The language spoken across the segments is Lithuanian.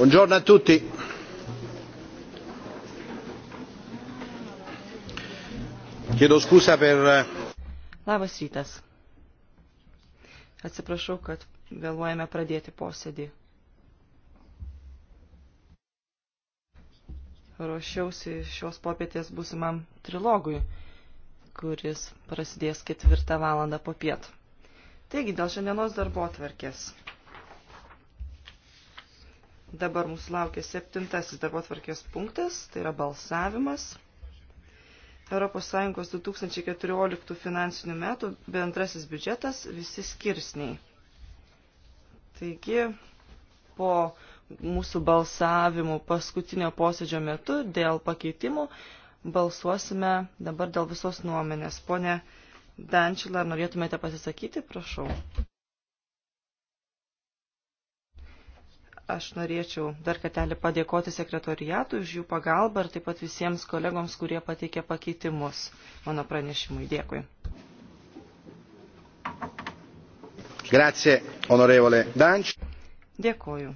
buongiorno a tutti chiedo scusa per eh, labas rytas atsiprašau kad vėluojame pradėti posėdį ruošiausi šios popietės būsimam trilogui kuris prasidės ketvirtą valandą popiet taigi dėl šiandienos darbotvarkės Dabar mūsų laukia septintasis darbo tvarkės punktas, tai yra balsavimas. ES 2014 finansinių metų bendrasis biudžetas visi skirsniai. Taigi, po mūsų balsavimų paskutinio posėdžio metu dėl pakeitimų balsuosime dabar dėl visos nuomenės. Pone Dančila, ar norėtumėte pasisakyti? Prašau. Aš norėčiau dar kartelį padėkoti sekretoriatui už jų pagalbą ir taip pat visiems kolegoms, kurie pateikė pakeitimus mano pranešimui. Dėkui. Grazie, onorevole Danč. Dėkoju.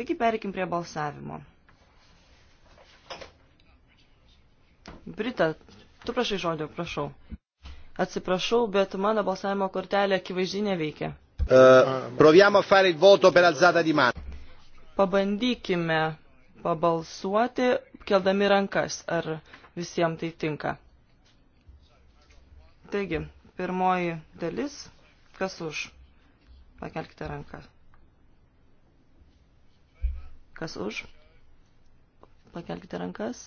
Taigi perikim prie balsavimo. Brita, tu prašai žodžio, prašau. Atsiprašau, bet mano balsavimo kortelė akivaizdžiai neveikia. Uh, proviamo a fare il voto per alzata di mano. Pabandykime pabalsuoti, keldami rankas, ar visiems tai tinka. Taigi, pirmoji dalis, kas už? Pakelkite ranką. Kas už? Pakelkite rankas.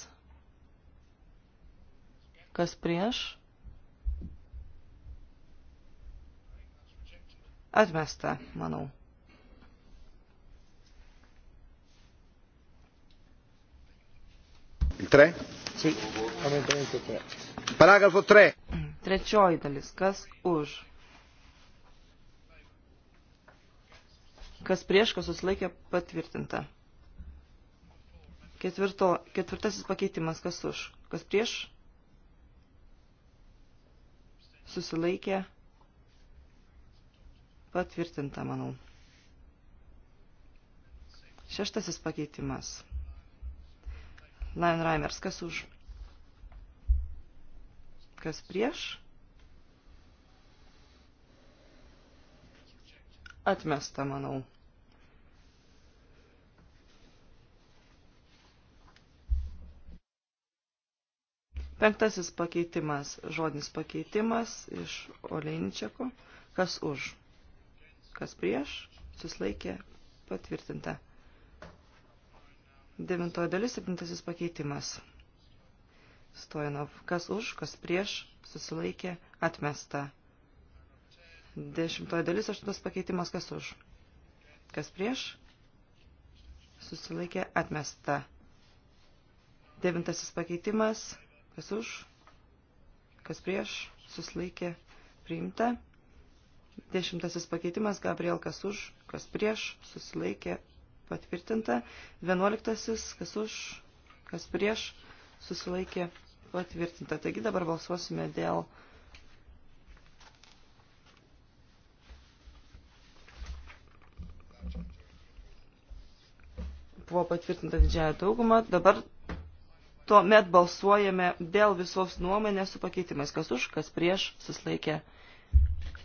Kas prieš? Atmesta, manau. Il 3? Sì. Amendamento 3. Paragrafo 3. Trečioji dalis. Kas už? Kas prieš, kas susilaikė patvirtinta. Ketvirto, ketvirtasis pakeitimas. Kas už? Kas prieš? Susilaikė patvirtinta Patvirtinta, manau. Šeštasis pakeitimas. Lionreimers, kas už? Kas prieš? Atmesta, manau. Penktasis pakeitimas, žodinis pakeitimas iš Oleinčiako. Kas už? Kas prieš? Susilaikė patvirtinta. Devintoji dalis, septintasis pakeitimas. Stojanov. Kas už, kas prieš? Susilaikė atmesta. Dešimtoji dalis, aštuntas pakeitimas. Kas už? Kas prieš? Susilaikė atmesta. Devintasis pakeitimas. Kas už? Kas prieš? Susilaikė priimta. Dešimtasis pakeitimas Gabriel kas už, kas prieš, susilaikė patvirtinta. Vienuoliktasis kas už, kas prieš, susilaikė patvirtinta. Taigi dabar balsuosime dėl buvo patvirtinta didžiaja dauguma. Dabar tuomet balsuojame dėl visos nuomonės su pakeitimais. Kas už, kas prieš, susilaikė patvirtinta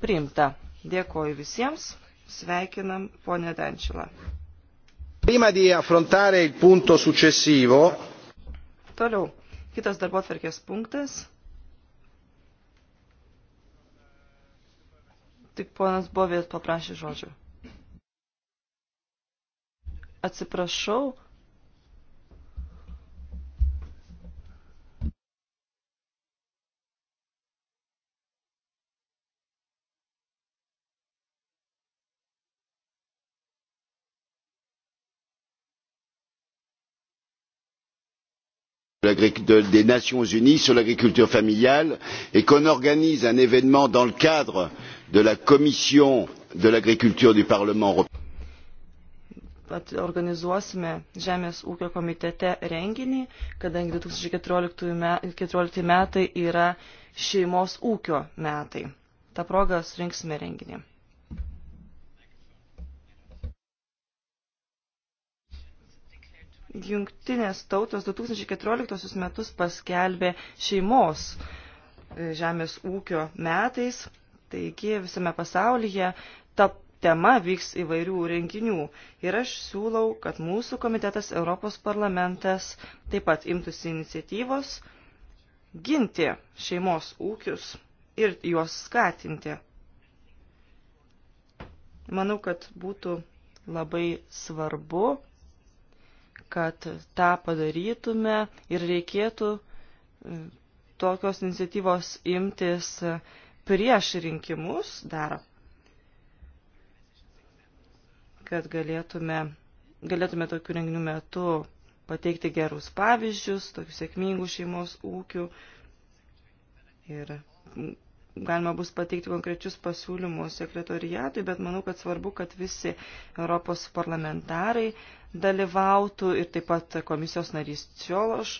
priimta. Dėkoju visiems, sveikinam ponę Dančilą. Prima di affrontare il punto successivo. Toliau, kitas darbo atverkės punktas. Tik ponas Bovės paprašė žodžio. Atsiprašau, des nations unies sur l'agriculture familiale et qu'on organise un événement dans le cadre de la commission de l'agriculture du parlement européen organizuosime Žemės ūkio komitete renginį, kadangi 2014 metai yra šeimos ūkio metai. Ta proga surinksime renginį. Jungtinės tautos 2014 metus paskelbė šeimos e, žemės ūkio metais, taigi visame pasaulyje ta tema vyks įvairių renginių ir aš siūlau, kad mūsų komitetas Europos parlamentas taip pat imtųsi iniciatyvos ginti šeimos ūkius ir juos skatinti. Manau, kad būtų labai svarbu kad tą padarytume ir reikėtų e, tokios iniciatyvos imtis e, prieš rinkimus dar, kad galėtume, galėtume tokių renginių metu pateikti gerus pavyzdžius, tokių sėkmingų šeimos ūkių ir galima bus pateikti konkrečius pasiūlymus sekretoriatui, bet manau, kad svarbu, kad visi Europos parlamentarai dalyvautų ir taip pat komisijos narys Čiološ.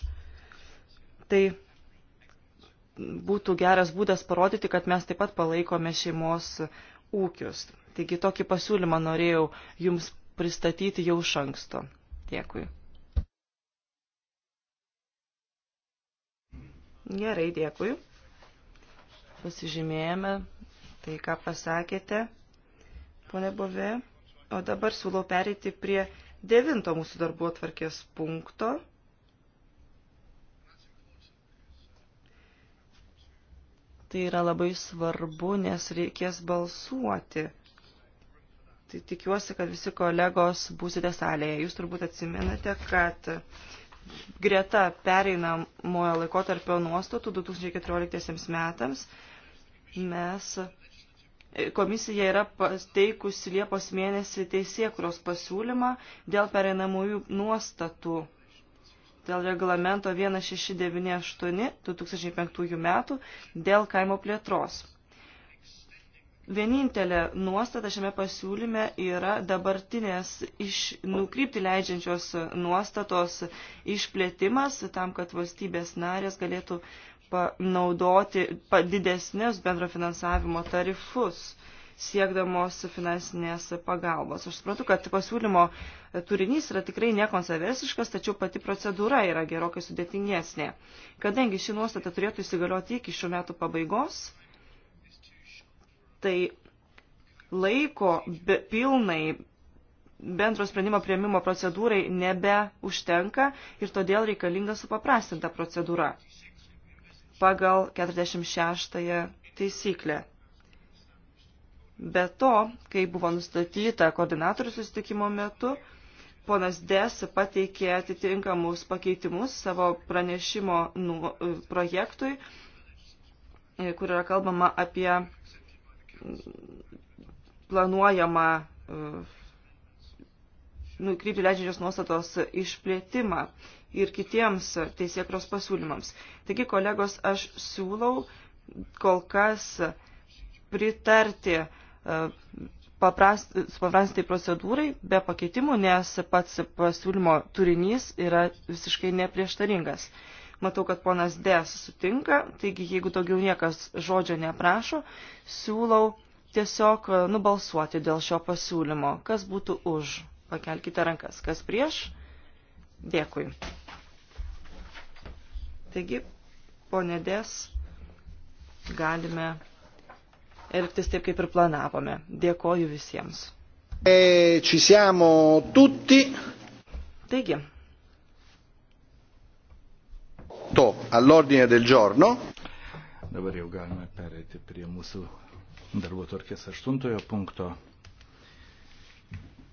Tai būtų geras būdas parodyti, kad mes taip pat palaikome šeimos ūkius. Taigi tokį pasiūlymą norėjau jums pristatyti jau iš anksto. Dėkui. Gerai, dėkui. Pasižymėjome tai, ką pasakėte, pone Bove. O dabar siūlau perėti prie devinto mūsų darbo atvarkės punkto. Tai yra labai svarbu, nes reikės balsuoti. Tai tikiuosi, kad visi kolegos būsite salėje. Jūs turbūt atsimenate, kad greta pereinamojo laikotarpio nuostatų 2014 metams mes Komisija yra pateikusi Liepos mėnesį teisėkuros pasiūlymą dėl pereinamųjų nuostatų dėl reglamento 1698-2005 metų dėl kaimo plėtros. Vienintelė nuostata šiame pasiūlyme yra dabartinės iš, nukrypti leidžiančios nuostatos išplėtimas tam, kad valstybės narės galėtų panaudoti didesnius bendro finansavimo tarifus siekdamos finansinės pagalbos. Aš suprantu, kad pasiūlymo turinys yra tikrai nekonserversiškas, tačiau pati procedūra yra gerokai sudėtingesnė. Kadangi ši nuostata turėtų įsigalioti iki šių metų pabaigos, tai laiko be, pilnai bendro sprendimo prieimimo procedūrai nebeužtenka ir todėl reikalinga supaprastinta procedūra pagal 46 taisyklę. Be to, kai buvo nustatyta koordinatorių susitikimo metu, ponas Des pateikė atitinkamus pakeitimus savo pranešimo nu, projektui, kur yra kalbama apie planuojamą e, nukrypti leidžiančios nuostatos išplėtimą ir kitiems teisėkros pasiūlymams. Taigi, kolegos, aš siūlau kol kas pritarti e, paprastai procedūrai be pakeitimų, nes pats pasiūlymo turinys yra visiškai neprieštaringas. Matau, kad ponas Des sutinka, taigi jeigu daugiau niekas žodžio neprašo, siūlau tiesiog e, nubalsuoti dėl šio pasiūlymo. Kas būtų už? Pakelkite rankas. Kas prieš? Dėkui. Taigi, ponedės galime elgtis taip, kaip ir planavome. Dėkoju visiems. E, ci siamo tutti. Taigi. To, all'ordine del giorno. Dabar jau galime pereiti prie mūsų darbo tvarkės aštuntojo punkto.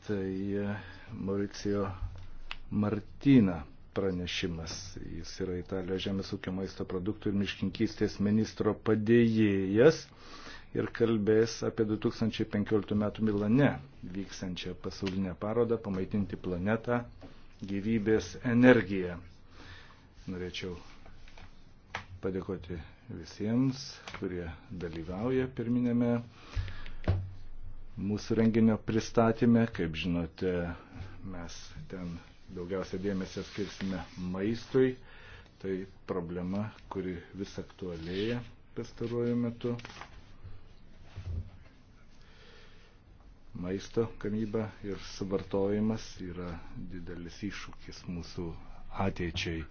Tai e, Mauricijo Martina pranešimas. Jis yra Italijos žemės ūkio maisto produktų ir miškinkystės ministro padėjėjas ir kalbės apie 2015 m. Milane vyksančią pasaulinę parodą Pamaitinti planetą gyvybės energiją. Norėčiau padėkoti visiems, kurie dalyvauja pirminėme mūsų renginio pristatymė. Kaip žinote, mes ten daugiausia dėmesio skirsime maistui. Tai problema, kuri vis aktualėja pastaruoju metu. Maisto gamyba ir suvartojimas yra didelis iššūkis mūsų ateičiai.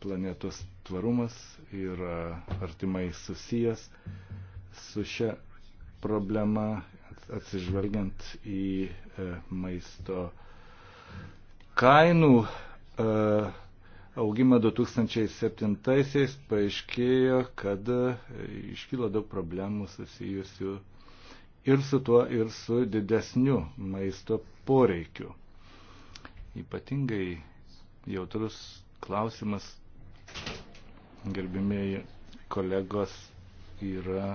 Planetos tvarumas yra artimai susijęs su šia problema atsižvelgiant į e, maisto kainų e, augimą 2007-aisiais paaiškėjo, kad e, iškylo daug problemų susijusių ir su tuo, ir su didesniu maisto poreikiu. Ypatingai jautrus klausimas, gerbimieji kolegos, yra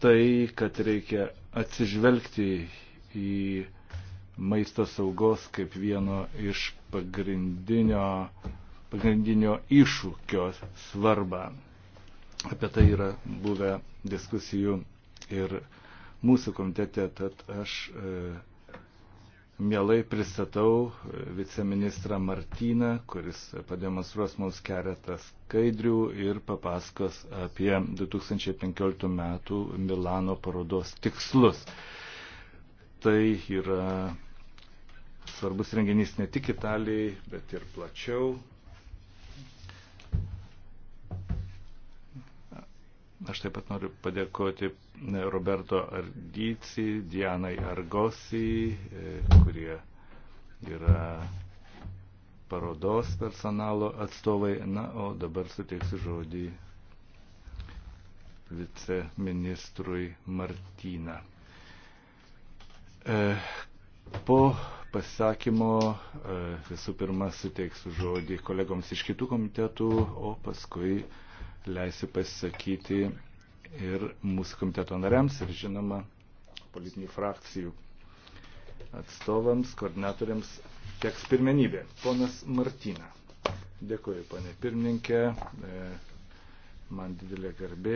tai, kad reikia atsižvelgti į maisto saugos kaip vieno iš pagrindinio, pagrindinio iššūkio svarbą. Apie tai yra buvę diskusijų ir mūsų komitete, tad aš e, Mielai pristatau e, viceministrą Martyną, kuris pademonstruos mums keletą skaidrių ir papasakos apie 2015 metų Milano parodos tikslus. Tai yra svarbus renginys ne tik Italijai, bet ir plačiau. Aš taip pat noriu padėkoti e, Roberto Ardyci, Dianai Argosi, e, kurie yra parodos personalo atstovai. Na, o dabar suteiksiu žodį viceministrui Martyną. E, po pasakymo visų pirma suteiksiu žodį kolegoms iš kitų komitetų, o paskui leisiu pasisakyti ir mūsų komiteto nariams, ir žinoma, politinių frakcijų atstovams, koordinatoriams teks pirmenybė. Ponas Martina. Dėkuoju, ponė pirmininkė. E, man didelė garbė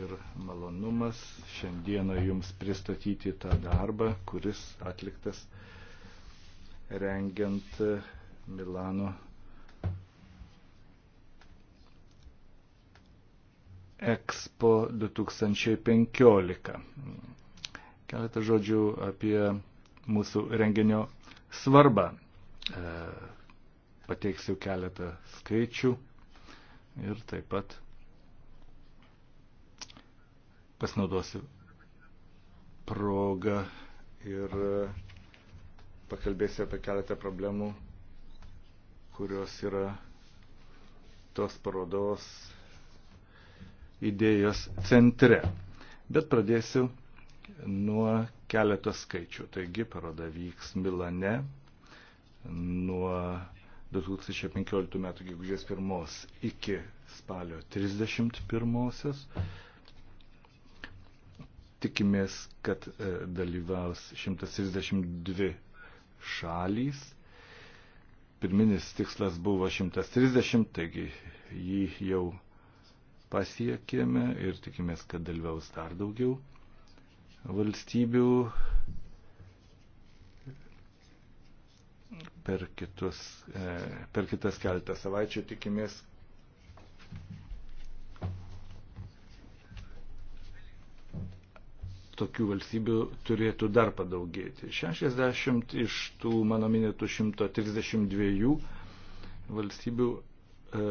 ir malonumas šiandieną Jums pristatyti tą darbą, kuris atliktas rengiant Milano Expo 2015. Keletą žodžių apie mūsų renginio svarbą. E, pateiksiu keletą skaičių ir taip pat pasinaudosiu progą ir e, pakalbėsiu apie keletą problemų, kurios yra tos parodos idėjos centre. Bet pradėsiu nuo keletos skaičių. Taigi paroda vyks Milane nuo 2015 m. gegužės 1 iki spalio 31. Tikimės, kad e, dalyvaus 132 šalys. Pirminis tikslas buvo 130, taigi jį jau pasiekėme ir tikimės, kad dalyvaus dar daugiau valstybių per, kitus, e, per kitas keltą savaičių tikimės. Tokių valstybių turėtų dar padaugėti. 60 iš tų mano minėtų 132 valstybių e,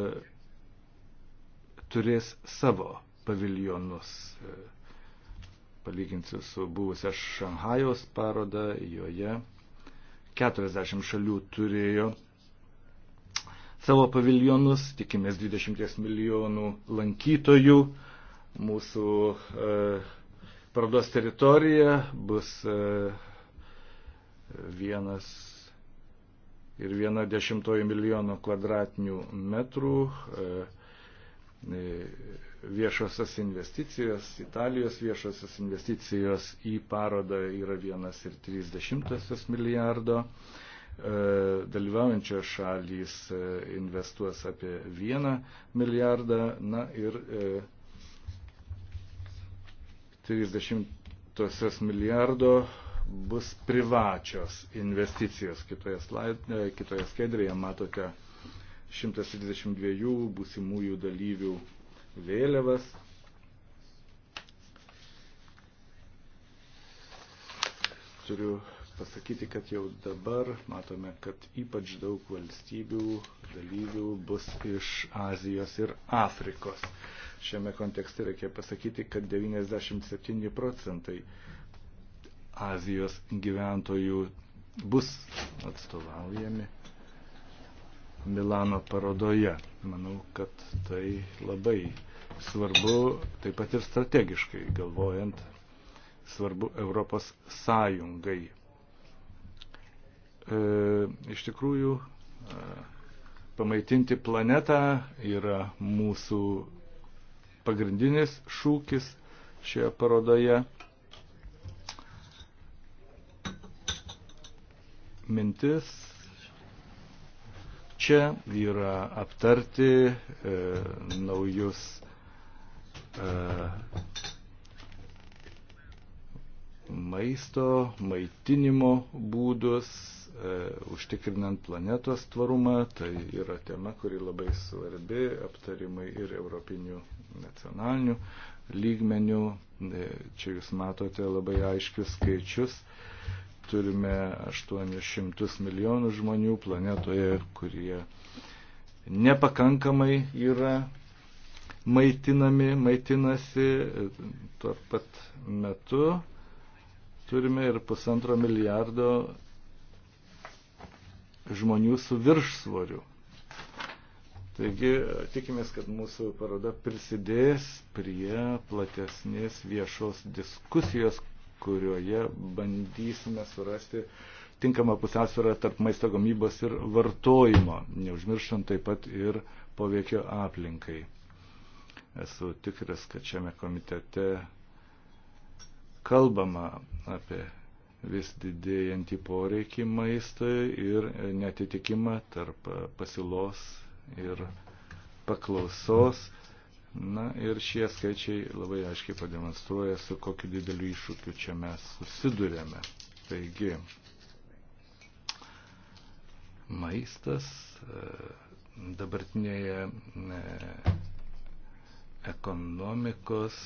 turės savo paviljonus. E, palyginsiu su buvusia Šanhajaus paroda, joje 40 šalių turėjo savo paviljonus, tikimės 20 milijonų lankytojų. Mūsų e, parodos teritorija bus e, vienas ir viena dešimtoji milijono kvadratinių metrų. E, viešosios investicijos, Italijos viešosios investicijos į parodą yra 1,3 milijardo. E, dalyvaujančios šalys e, investuos apie 1 milijardą. Na ir 30 e, milijardo bus privačios investicijos. Kitoje, slaid, kitoje skaidrėje matote 122 būsimųjų dalyvių vėliavas. Turiu pasakyti, kad jau dabar matome, kad ypač daug valstybių dalyvių bus iš Azijos ir Afrikos. Šiame kontekste reikia pasakyti, kad 97 procentai Azijos gyventojų bus atstovaujami Milano parodoje. Manau, kad tai labai svarbu, taip pat ir strategiškai galvojant, svarbu Europos sąjungai. E, iš tikrųjų, e, pamaitinti planetą yra mūsų pagrindinis šūkis šioje parodoje. Mintis čia yra aptarti e, naujus e, maisto, maitinimo būdus, e, užtikrinant planetos tvarumą. Tai yra tema, kuri labai svarbi aptarimai ir europinių nacionalinių lygmenių. E, čia jūs matote labai aiškius skaičius. E, turime 800 milijonų žmonių planetoje, kurie nepakankamai yra maitinami, maitinasi tuo pat metu. Turime ir pusantro milijardo žmonių su viršsvoriu. Taigi tikimės, kad mūsų paroda prisidės prie platesnės viešos diskusijos, kurioje bandysime surasti tinkamą pusiausvyrą tarp maisto gamybos ir vartojimo, neužmirštant taip pat ir poveikio aplinkai. Esu tikras, kad šiame komitete kalbama apie vis didėjantį poreikį maistui ir netitikimą tarp pasilos ir paklausos. Mm Na ir šie skaičiai labai aiškiai pademonstruoja, su kokiu dideliu iššūkiu čia mes susidurėme. Taigi, maistas e, dabartinėje e, ekonomikos,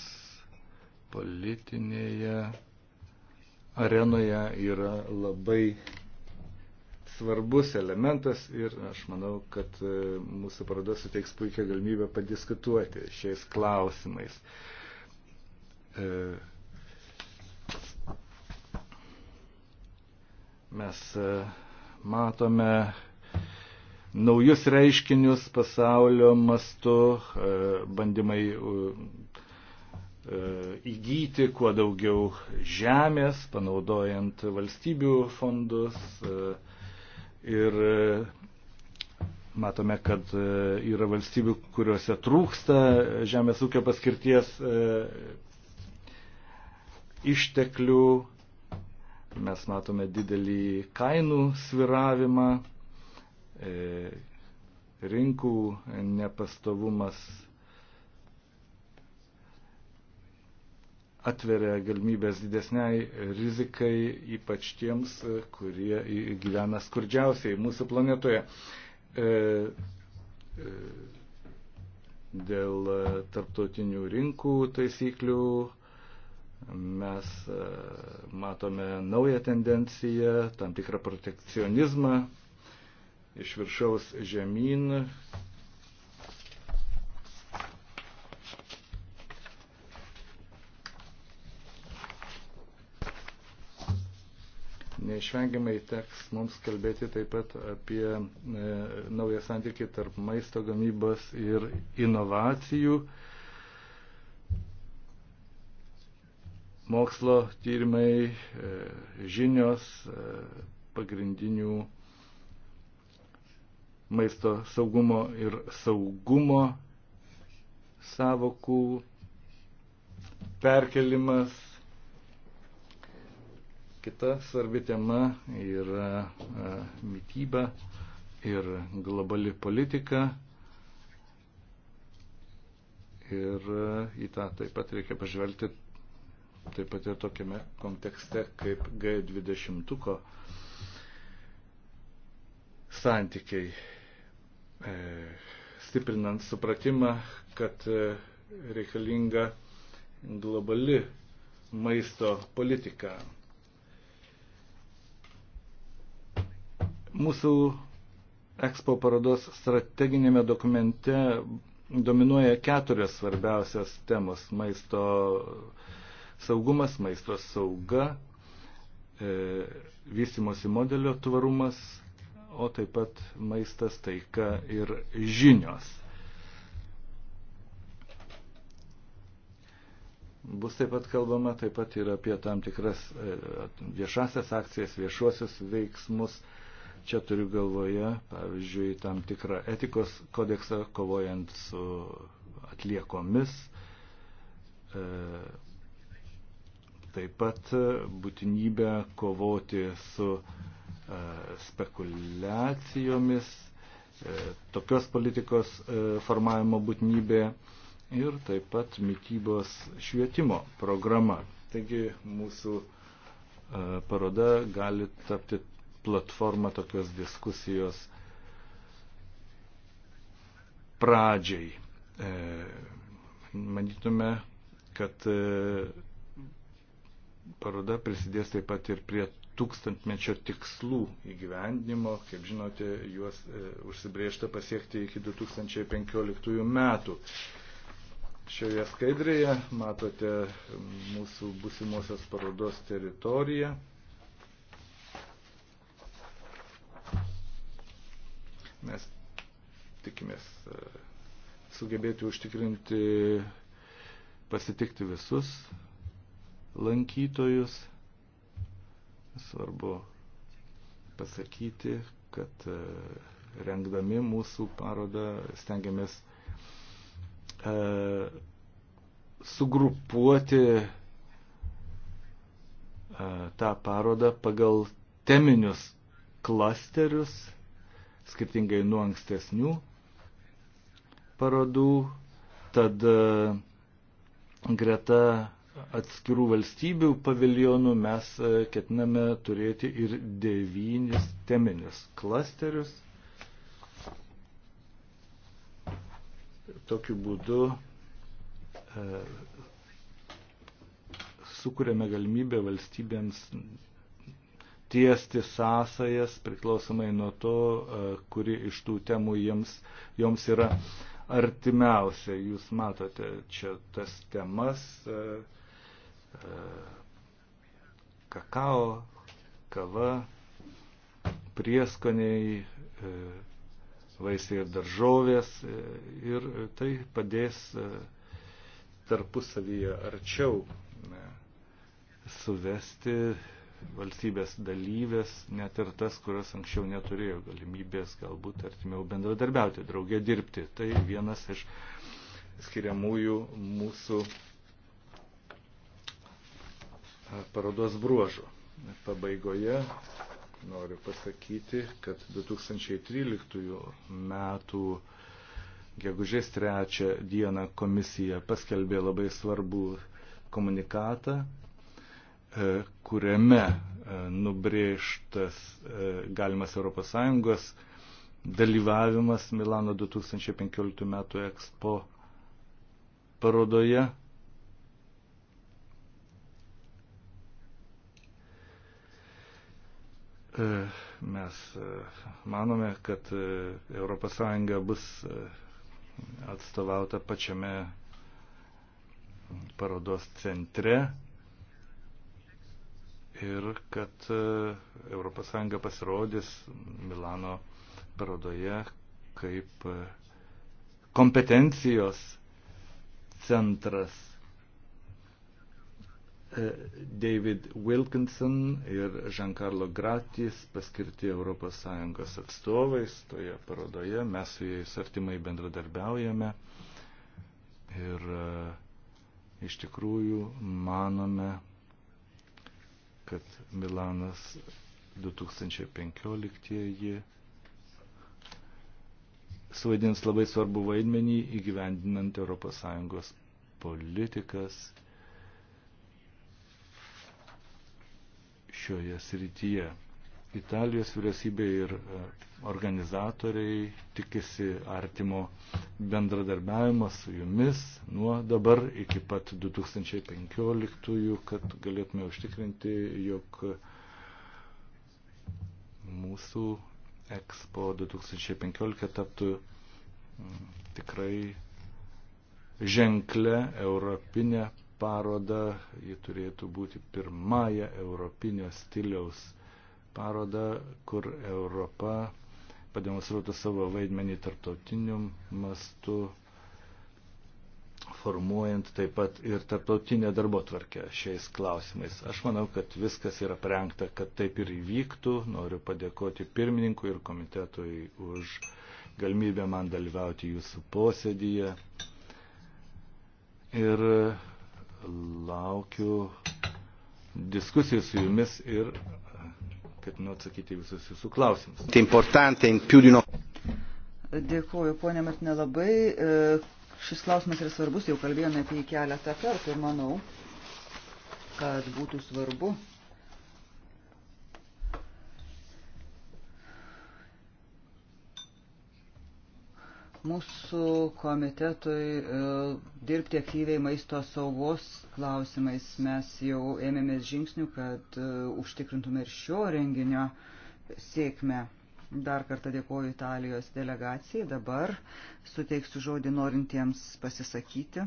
politinėje arenoje yra labai svarbus elementas ir aš manau, kad e, mūsų paroda suteiks puikią galimybę padiskutuoti šiais klausimais. E, mes e, matome naujus reiškinius pasaulio mastu, bandymai įgyti kuo daugiau žemės, panaudojant valstybių fondus, Ir e, matome, kad e, yra valstybių, kuriuose trūksta e, žemės ūkio paskirties išteklių. Mes matome didelį kainų sviravimą, rinkų nepastovumas atveria galimybės didesniai rizikai, ypač tiems, e, kurie gyvena skurdžiausiai mūsų planetoje. E, e, dėl tarptautinių rinkų taisyklių mes matome naują tendenciją, tam tikrą protekcionizmą iš viršaus žemyn, neišvengiamai teks mums kalbėti taip pat apie e, naują santykį tarp maisto gamybos ir inovacijų. Mokslo tyrimai, e, žinios e, pagrindinių maisto saugumo ir saugumo savokų perkelimas Kita svarbi tema yra e, mytyba ir globali politika. Ir e, į tą taip pat reikia pažvelgti taip pat ir tokiame kontekste kaip G20 santykiai, e, stiprinant supratimą, kad e, reikalinga globali maisto politika. Mūsų Expo parodos strateginėme dokumente dominuoja keturios svarbiausias temos - maisto saugumas, maisto sauga, e, vystimosi modelio tvarumas, o taip pat maistas taika ir žinios. Bus taip pat kalbama taip pat ir apie tam tikras e, viešasias akcijas, viešuosius veiksmus, e, Čia turiu galvoje, pavyzdžiui, tam tikrą etikos kodeksą kovojant su atliekomis. E, taip pat būtinybę kovoti su e, spekulacijomis, e, tokios politikos formavimo būtinybė ir taip pat mytybos švietimo programa. Taigi mūsų paroda gali tapti platformą tokios diskusijos pradžiai. E, manytume, kad e, paroda prisidės taip pat ir prie tūkstantmečio tikslų įgyvendinimo. Kaip žinote, juos e, užsibriežta pasiekti iki 2015 metų. Šioje skaidrėje matote mūsų busimosios parodos teritoriją. tikimės e, sugebėti užtikrinti pasitikti visus lankytojus. Svarbu pasakyti, kad e, rengdami mūsų parodą stengiamės e, sugrupuoti e, tą parodą pagal teminius klasterius, skirtingai nuo ankstesnių parodų, tad e, greta atskirų valstybių paviljonų mes e, ketiname turėti ir devynis teminius klasterius. Tokiu būdu e, sukūrėme galimybę valstybėms tiesti sąsajas priklausomai nuo to, e, kuri iš tų temų jiems, joms yra artimiausia. Jūs matote čia tas temas e, e, kakao, kava, prieskoniai, e, vaisiai ir daržovės ir tai padės tarpusavyje arčiau suvesti valstybės dalyvės, net ir tas, kurios anksčiau neturėjo galimybės galbūt artimiau bendradarbiauti, draugė dirbti. Tai vienas iš skiriamųjų mūsų parodos bruožų. Pabaigoje noriu pasakyti, kad 2013 metų gegužės 3 dieną komisija paskelbė labai svarbų komunikatą E, kuriame e, nubrėžtas e, galimas ES dalyvavimas Milano 2015 metų ekspo parodoje. Mes manome, kad ES bus atstovauta pačiame parodos centre ir kad ES pasirodys Milano parodoje kaip e, kompetencijos centras. E, David Wilkinson ir Giancarlo Gratis paskirti ES atstovais toje parodoje. Mes su jais artimai bendradarbiaujame ir e, iš tikrųjų manome, kad Milanas 2015 suvaidins labai svarbu vaidmenį įgyvendinant ES politikas šioje srityje. Italijos vyriausybė ir e, organizatoriai tikisi artimo bendradarbiavimo su jumis nuo dabar iki pat 2015, kad galėtume užtikrinti, jog mūsų Expo 2015 taptų tikrai ženklę europinę parodą. Ji turėtų būti pirmąją europinio stiliaus parodą, kur Europa pademonstruotų savo vaidmenį tarptautiniu mastu, formuojant taip pat ir tarptautinę darbo tvarkę šiais klausimais. Aš manau, kad viskas yra prengta, kad taip ir įvyktų. Noriu padėkoti pirmininkui ir komitetui už galimybę man dalyvauti jūsų posėdyje. Ir laukiu diskusijų su jumis ir ketinu atsakyti visus jūsų klausimus. Tai Dėkuoju, ponė Martina, labai. E, šis klausimas yra svarbus, jau kalbėjome apie jį keletą kartų ir manau, kad būtų svarbu mūsų komitetui e, dirbti aktyviai maisto saugos klausimais. Mes jau ėmėmės žingsnių, kad e, užtikrintume ir šio renginio sėkmę. Dar kartą dėkoju Italijos delegacijai. Dabar suteiksiu žodį norintiems pasisakyti.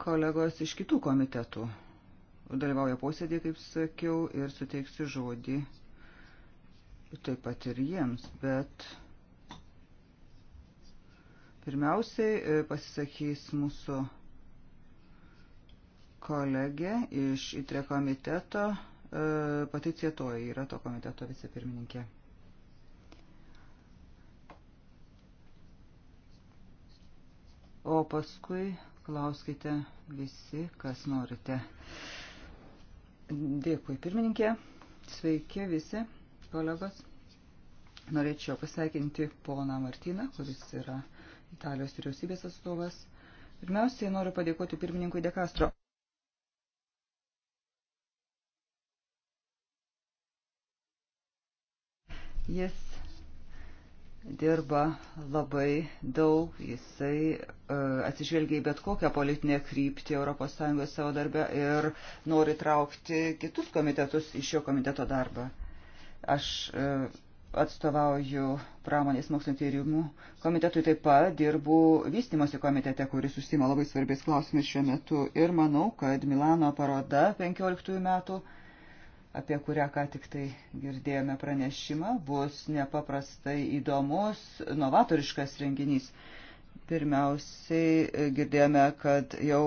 Kolegos iš kitų komitetų dalyvauja posėdėje, kaip sakiau, ir suteiksiu žodį taip pat ir jiems, bet pirmiausiai e, pasisakys mūsų kolegė iš ITRE komiteto, e, Paticija Toji yra to komiteto vicepirmininkė. O paskui klauskite visi, kas norite. Dėkui pirmininkė, sveiki visi kolegos. Norėčiau pasveikinti poną Martyną, kuris yra Italijos vyriausybės atstovas. Pirmiausiai noriu padėkoti pirmininkui De Castro. Jis dirba labai daug, jisai uh, atsižvelgia į bet kokią politinę kryptį ES savo darbę ir nori traukti kitus komitetus į šio komiteto darbą. Aš e, atstovauju pramonės mokslinio tyrimų komitetui taip pat, dirbu vystimosi komitete, kuris užsima labai svarbiais klausimais šiuo metu ir manau, kad Milano paroda 15 metų, apie kurią ką tik tai girdėjome pranešimą, bus nepaprastai įdomus, novatoriškas renginys. Pirmiausiai e, girdėjome, kad jau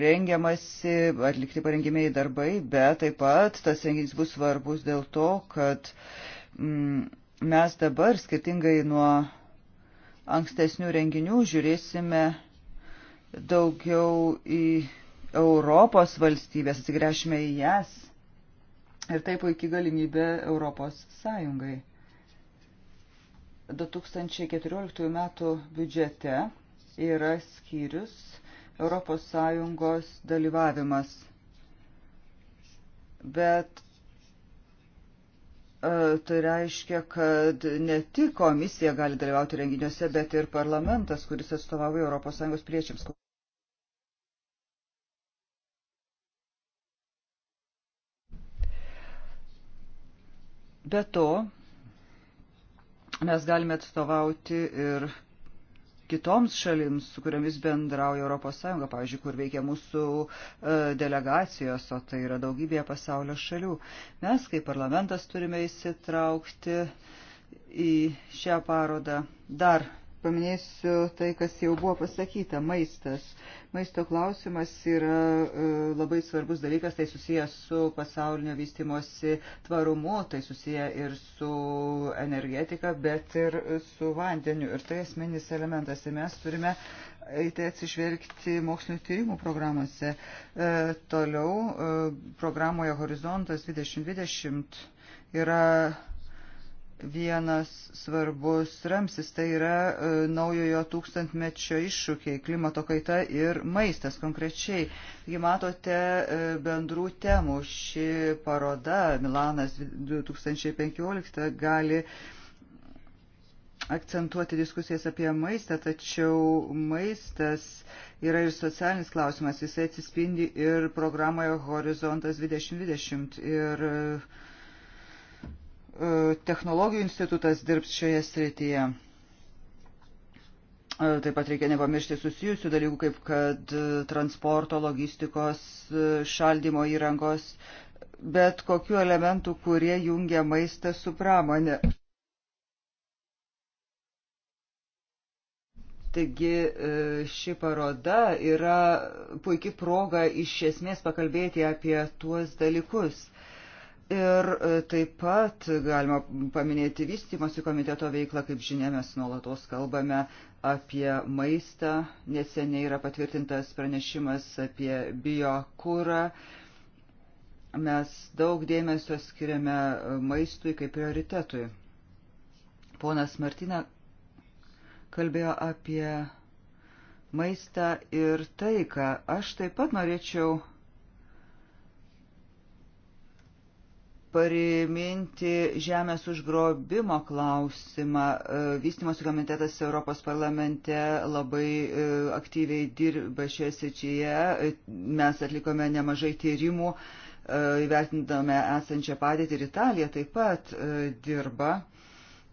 rengiamasi atlikti parengimiai darbai, bet taip pat tas renginys bus svarbus dėl to, kad mm, mes dabar skirtingai nuo ankstesnių renginių žiūrėsime daugiau į Europos valstybės, atsigręšime į jas. Ir tai puikiai galimybė Europos Sąjungai. 2014 metų biudžete yra skyrius ES dalyvavimas. Bet e, tai reiškia, kad ne tik komisija gali dalyvauti renginiuose, bet ir parlamentas, kuris atstovauja ES priečiams. Be to, mes galime atstovauti ir kitoms šalims, su kuriomis bendrauja ES, pavyzdžiui, kur veikia mūsų e, delegacijos, o tai yra daugybėje pasaulio šalių. Mes kaip parlamentas turime įsitraukti į šią parodą. Dar paminėsiu tai, kas jau buvo pasakyta - maistas. Maisto klausimas yra e, labai svarbus dalykas, tai susijęs su pasaulinio vystimosi tvarumu, tai susiję ir su energetika, bet ir su vandeniu. Ir tai esminis elementas. Ir mes turime į tai atsižvelgti mokslinio tyrimų programuose. E, toliau e, programoje Horizontas 2020 yra vienas svarbus ramsis, tai yra e, naujojo tūkstantmečio iššūkiai - klimato kaita ir maistas konkrečiai. Taigi matote e, bendrų temų. Ši paroda Milanas 2015 gali akcentuoti diskusijas apie maistą, tačiau maistas yra ir socialinis klausimas, jisai atsispindi ir programoje Horizontas 2020. Ir E, technologijų institutas dirbs šioje srityje. E, taip pat reikia nepamiršti susijusių dalykų, kaip kad e, transporto, logistikos, šaldymo įrangos, bet kokiu elementu, kurie jungia maistą su pramonė. Taigi ši paroda yra puikia proga iš esmės pakalbėti apie tuos dalykus. Ir e, taip pat galima paminėti vystimosi komiteto veiklą, kaip žinia, mes nuolatos kalbame apie maistą, neseniai yra patvirtintas pranešimas apie biokūrą. Mes daug dėmesio skiriame maistui kaip prioritetui. Ponas Martina kalbėjo apie maistą ir taiką. Aš taip pat norėčiau priminti žemės užgrobimo klausimą. E, vystimosi komitetas Europos parlamente labai e, aktyviai dirba šioje srityje. E, mes atlikome nemažai tyrimų, įvertindame esančią padėtį ir Italija taip pat dirba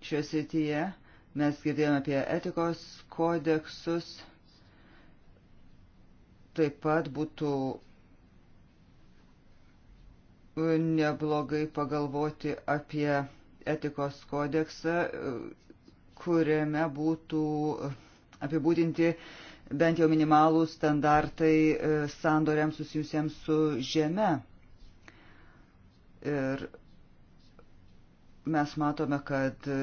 šioje srityje. Mes girdėjome apie etikos kodeksus. Taip pat būtų neblogai pagalvoti apie etikos kodeksą, kuriame būtų apibūdinti bent jau minimalų standartai e, sandoriams susijusiems su žeme. Ir mes matome, kad e,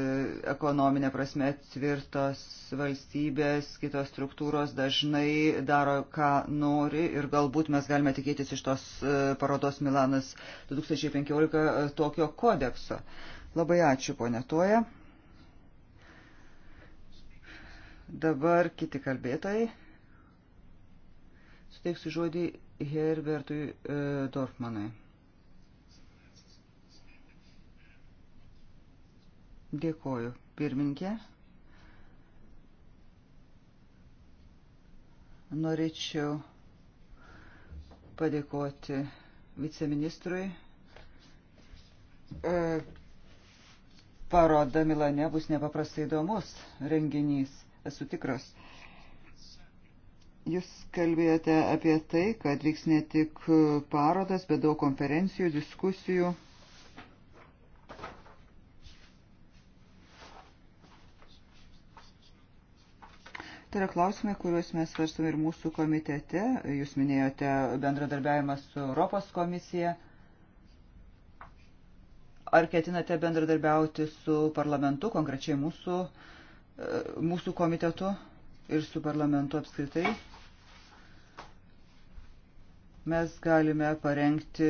ekonominė prasme tvirtos valstybės, kitos struktūros dažnai daro, ką nori ir galbūt mes galime tikėtis iš tos e, parodos Milanas 2015 e, tokio kodekso. Labai ačiū, ponė Toja. Dabar kiti kalbėtojai. Suteiksiu žodį Herbertui Dorfmanui. Dėkoju, pirmininkė. Norėčiau padėkoti viceministrui. E, paroda Milane bus nepaprastai įdomus renginys, esu tikras. Jūs kalbėjote apie tai, kad vyks ne tik parodas, bet daug konferencijų, diskusijų. Tai yra klausimai, kuriuos mes svarstame ir mūsų komitete. Jūs minėjote bendradarbiavimą su Europos komisija. Ar ketinate bendradarbiauti su parlamentu, konkrečiai mūsų, e, mūsų komitetu ir su parlamentu apskritai? mes galime parengti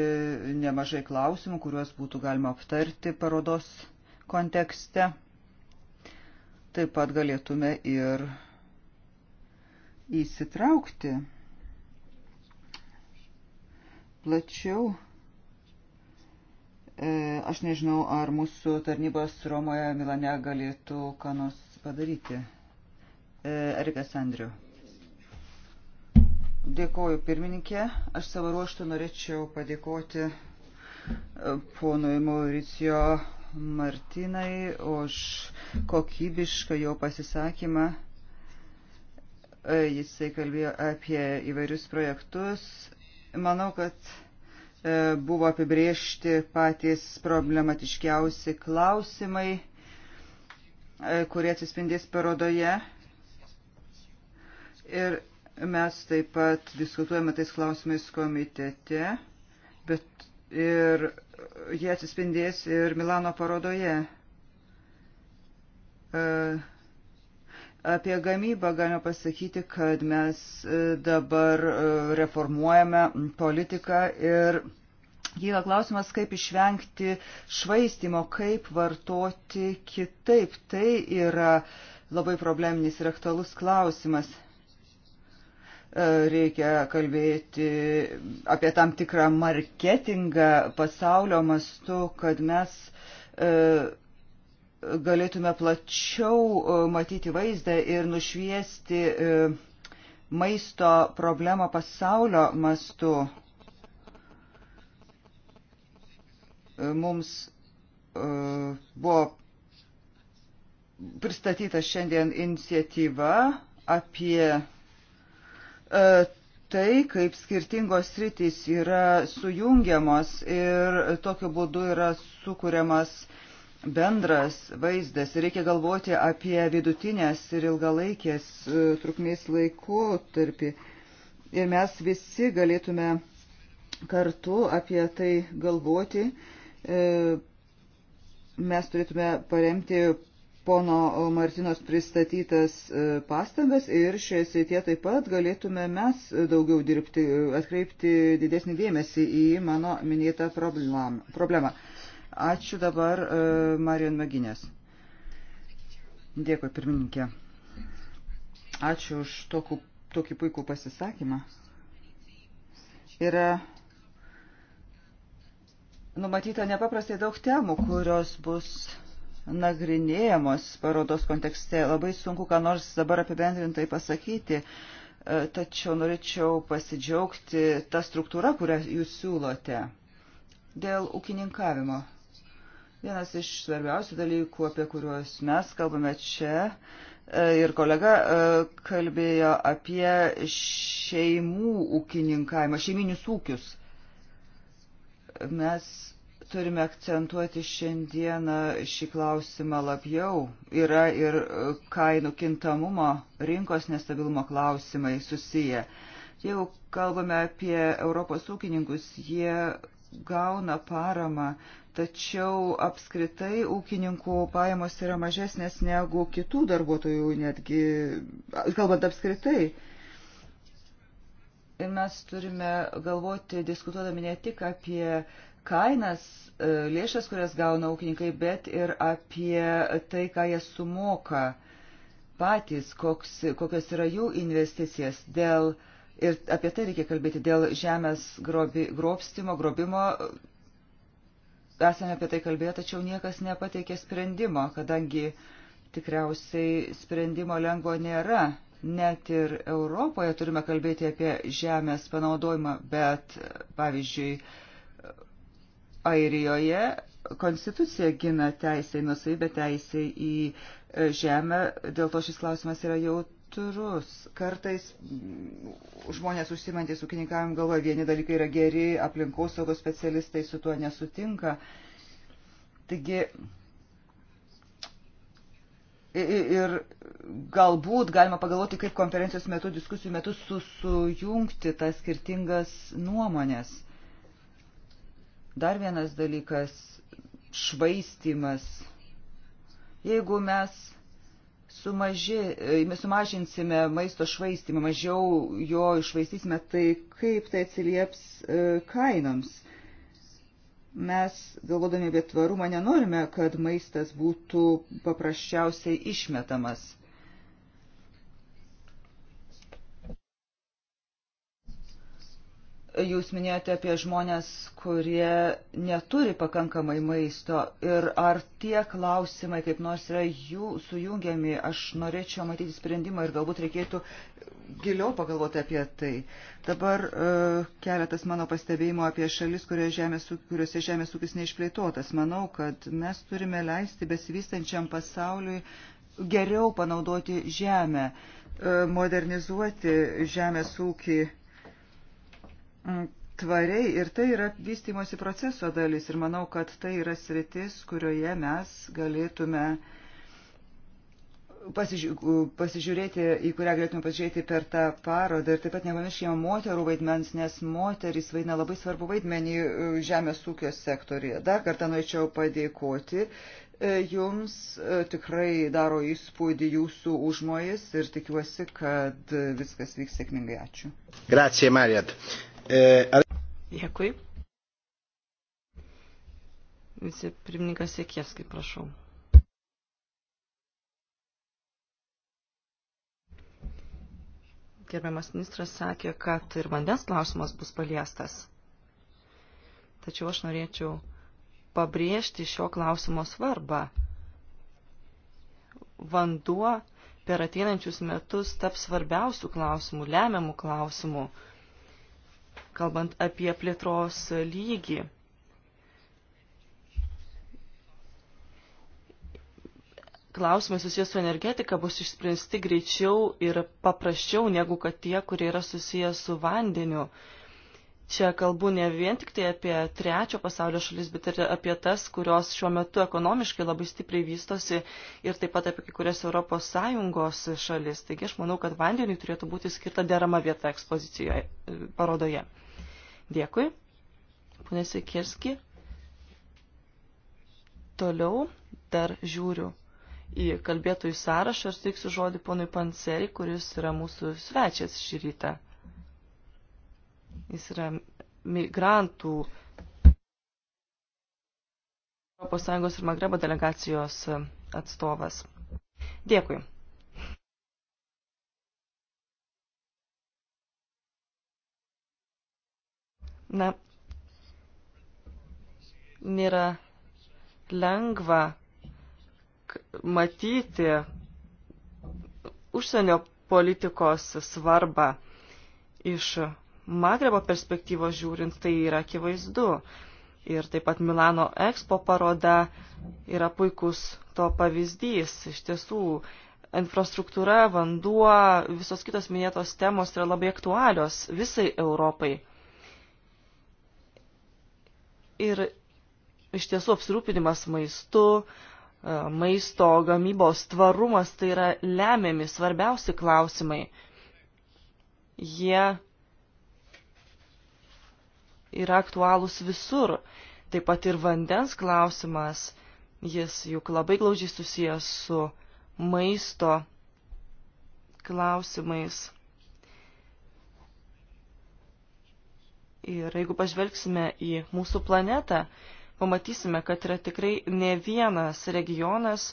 nemažai klausimų, kuriuos būtų galima aptarti parodos kontekste. Taip pat galėtume ir įsitraukti plačiau. E, aš nežinau, ar mūsų tarnybos Romoje Milane galėtų ką nors padaryti. E, Erikas Andriu. Dėkoju pirmininkė. Aš savo ruoštų norėčiau padėkoti e, ponui Mauricijo Martinai už kokybišką jo pasisakymą. Jisai kalbėjo apie įvairius projektus. Manau, kad e, buvo apibriežti patys problematiškiausi klausimai, e, kurie atsispindės parodoje. Ir mes taip pat diskutuojame tais klausimais komitete, bet ir jie atsispindės ir Milano parodoje. Uh, Apie gamybą galime pasakyti, kad mes e, dabar e, reformuojame politiką ir kyla klausimas, kaip išvengti švaistimo, kaip vartoti kitaip. Tai yra labai probleminis ir aktualus klausimas e, reikia kalbėti apie tam tikrą marketingą pasaulio mastu, kad mes galėtume plačiau e, matyti vaizdą ir nušviesti e, maisto problemą pasaulio mastu. E, mums buvo pristatyta šiandien iniciatyva apie tai, kaip skirtingos sritys yra sujungiamos ir tokiu būdu yra sukūriamas uh, bendras vaizdas ir reikia galvoti apie vidutinės ir ilgalaikės e, trukmės laikotarpį. Ir mes visi galėtume kartu apie tai galvoti. E, mes turėtume paremti pono Martinos pristatytas e, pastangas ir šioje srityje taip pat galėtume mes daugiau dirbti, atkreipti didesnį dėmesį į mano minėtą problemą. Ačiū dabar e, Marion Maginės. Dėkui, pirmininkė. Ačiū už tokų, tokį puikų pasisakymą. Yra numatyta nepaprastai daug temų, kurios bus nagrinėjamos parodos kontekste. Labai sunku, ką nors dabar apibendrintai pasakyti, e, tačiau norėčiau pasidžiaugti tą struktūrą, kurią jūs siūlote dėl ūkininkavimo. Vienas iš svarbiausių dalykų, apie kuriuos mes kalbame čia, e, ir kolega e, kalbėjo apie šeimų ūkininkavimą, šeiminius ūkius. Mes turime akcentuoti šiandieną šį klausimą labiau. Yra ir e, kainų kintamumo, rinkos nestabilumo klausimai susiję. Jeigu kalbame apie Europos ūkininkus, jie gauna paramą, tačiau apskritai ūkininkų pajamos yra mažesnės negu kitų darbuotojų netgi, kalbant apskritai. Ir mes turime galvoti, diskutuodami ne tik apie kainas, e, lėšas, kurias gauna ūkininkai, bet ir apie tai, ką jie sumoka patys, koks, kokios yra jų investicijas dėl uh, Ir apie tai reikia kalbėti dėl žemės grobi, grobstimo, grobimo. Esame apie tai kalbėję, tačiau niekas nepateikė sprendimo, kadangi tikriausiai sprendimo lengvo nėra. Net ir Europoje turime kalbėti apie žemės panaudojimą, bet, pavyzdžiui, Airijoje konstitucija gina teisę į nusavybę, teisę į žemę, dėl to šis klausimas yra jau jautrus. Kartais žmonės užsimantys ūkininkavim galvoja, vieni dalykai yra geri, aplinkosaugos specialistai su tuo nesutinka. Taigi ir galbūt galima pagalvoti, kaip konferencijos metu, diskusijų metu su, sujungti tas skirtingas nuomonės. Dar vienas dalykas - švaistimas. Jeigu mes sumaži, e, sumažinsime maisto švaistimą, mažiau jo išvaistysime, tai kaip tai atsilieps e, kainoms? Mes, galvodami apie tvarumą, nenorime, kad maistas būtų paprasčiausiai išmetamas. Jūs minėjote apie žmonės, kurie neturi pakankamai maisto ir ar tie klausimai kaip nors yra jų sujungiami, aš norėčiau matyti sprendimą ir galbūt reikėtų giliau pagalvoti apie tai. Dabar uh, keletas mano pastebėjimų apie šalis, žemės, kuriuose žemės ūkis neišplėtotas. Manau, kad mes turime leisti besivystančiam pasauliui geriau panaudoti žemę, e, modernizuoti žemės ūkį tvariai ir tai yra vystimosi proceso dalis ir manau, kad tai yra sritis, kurioje mes galėtume pasiži pasižiūrėti, į kurią galėtume pasižiūrėti per tą parodą ir taip pat nepamirškime moterų vaidmens, nes moterys vaidina labai svarbu vaidmenį e, žemės ūkio sektorija. Dar kartą norėčiau padėkoti e, Jums e, tikrai daro įspūdį jūsų užmojais ir tikiuosi, kad viskas vyks sėkmingai. Ačiū. Grazie, Marijat. E, Dėkui. Visi pirmininkas Sėkieskai, prašau. Gerbiamas ministras sakė, kad ir vandens klausimas bus paliestas. Tačiau aš norėčiau pabrėžti šio klausimo svarbą. Vanduo per ateinančius metus taps svarbiausių klausimų, lemiamų klausimų kalbant apie plėtros lygį. Klausimai susijęs su energetika bus išspręsti greičiau ir paprasčiau negu kad tie, kurie yra susijęs su vandeniu. Čia kalbu ne vien tik tai apie trečio pasaulio šalis, bet ir apie tas, kurios šiuo metu ekonomiškai labai stipriai vystosi ir taip pat apie kai kurias Europos Sąjungos šalis. Taigi aš manau, kad vandeniui turėtų būti skirta derama vieta ekspozicijoje, parodoje. Dėkui. Pone Sikirski. Toliau dar žiūriu į kalbėtojų sąrašą ir teiksiu žodį ponui Panseri, kuris yra mūsų svečias šį rytą. Jis yra migrantų ES ir Magrebo delegacijos atstovas. Dėkui. Na, nėra lengva matyti užsienio politikos svarbą iš Magrebo perspektyvos žiūrint, tai yra akivaizdu. Ir taip pat Milano Expo paroda yra puikus to pavyzdys. Iš tiesų, infrastruktūra, vanduo, visos kitos minėtos temos yra labai aktualios visai Europai. Ir iš tiesų apsirūpinimas maistu, e, maisto gamybos tvarumas tai yra lemiami svarbiausi klausimai. Jie yra aktualūs visur. Taip pat ir vandens klausimas, jis juk labai glaužiai susijęs su maisto klausimais. Ir jeigu pažvelgsime į mūsų planetą, pamatysime, kad yra tikrai ne vienas regionas,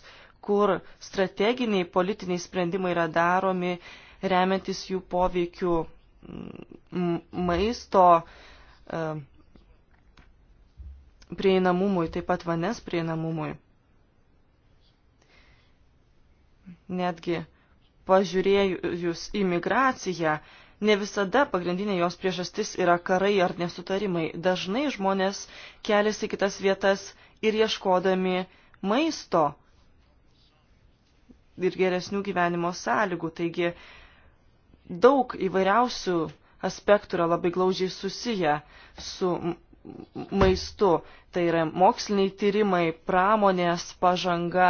kur strateginiai politiniai sprendimai yra daromi remiantis jų poveikiu maisto e, prieinamumui, taip pat vandens prieinamumui. Netgi pažiūrėjus į migraciją, Ne visada pagrindinė jos priežastis yra karai ar nesutarimai. Dažnai žmonės keliasi kitas vietas ir ieškodami maisto ir geresnių gyvenimo sąlygų. Taigi daug įvairiausių aspektų yra labai glaužiai susiję su maistu. Tai yra moksliniai tyrimai, pramonės pažanga,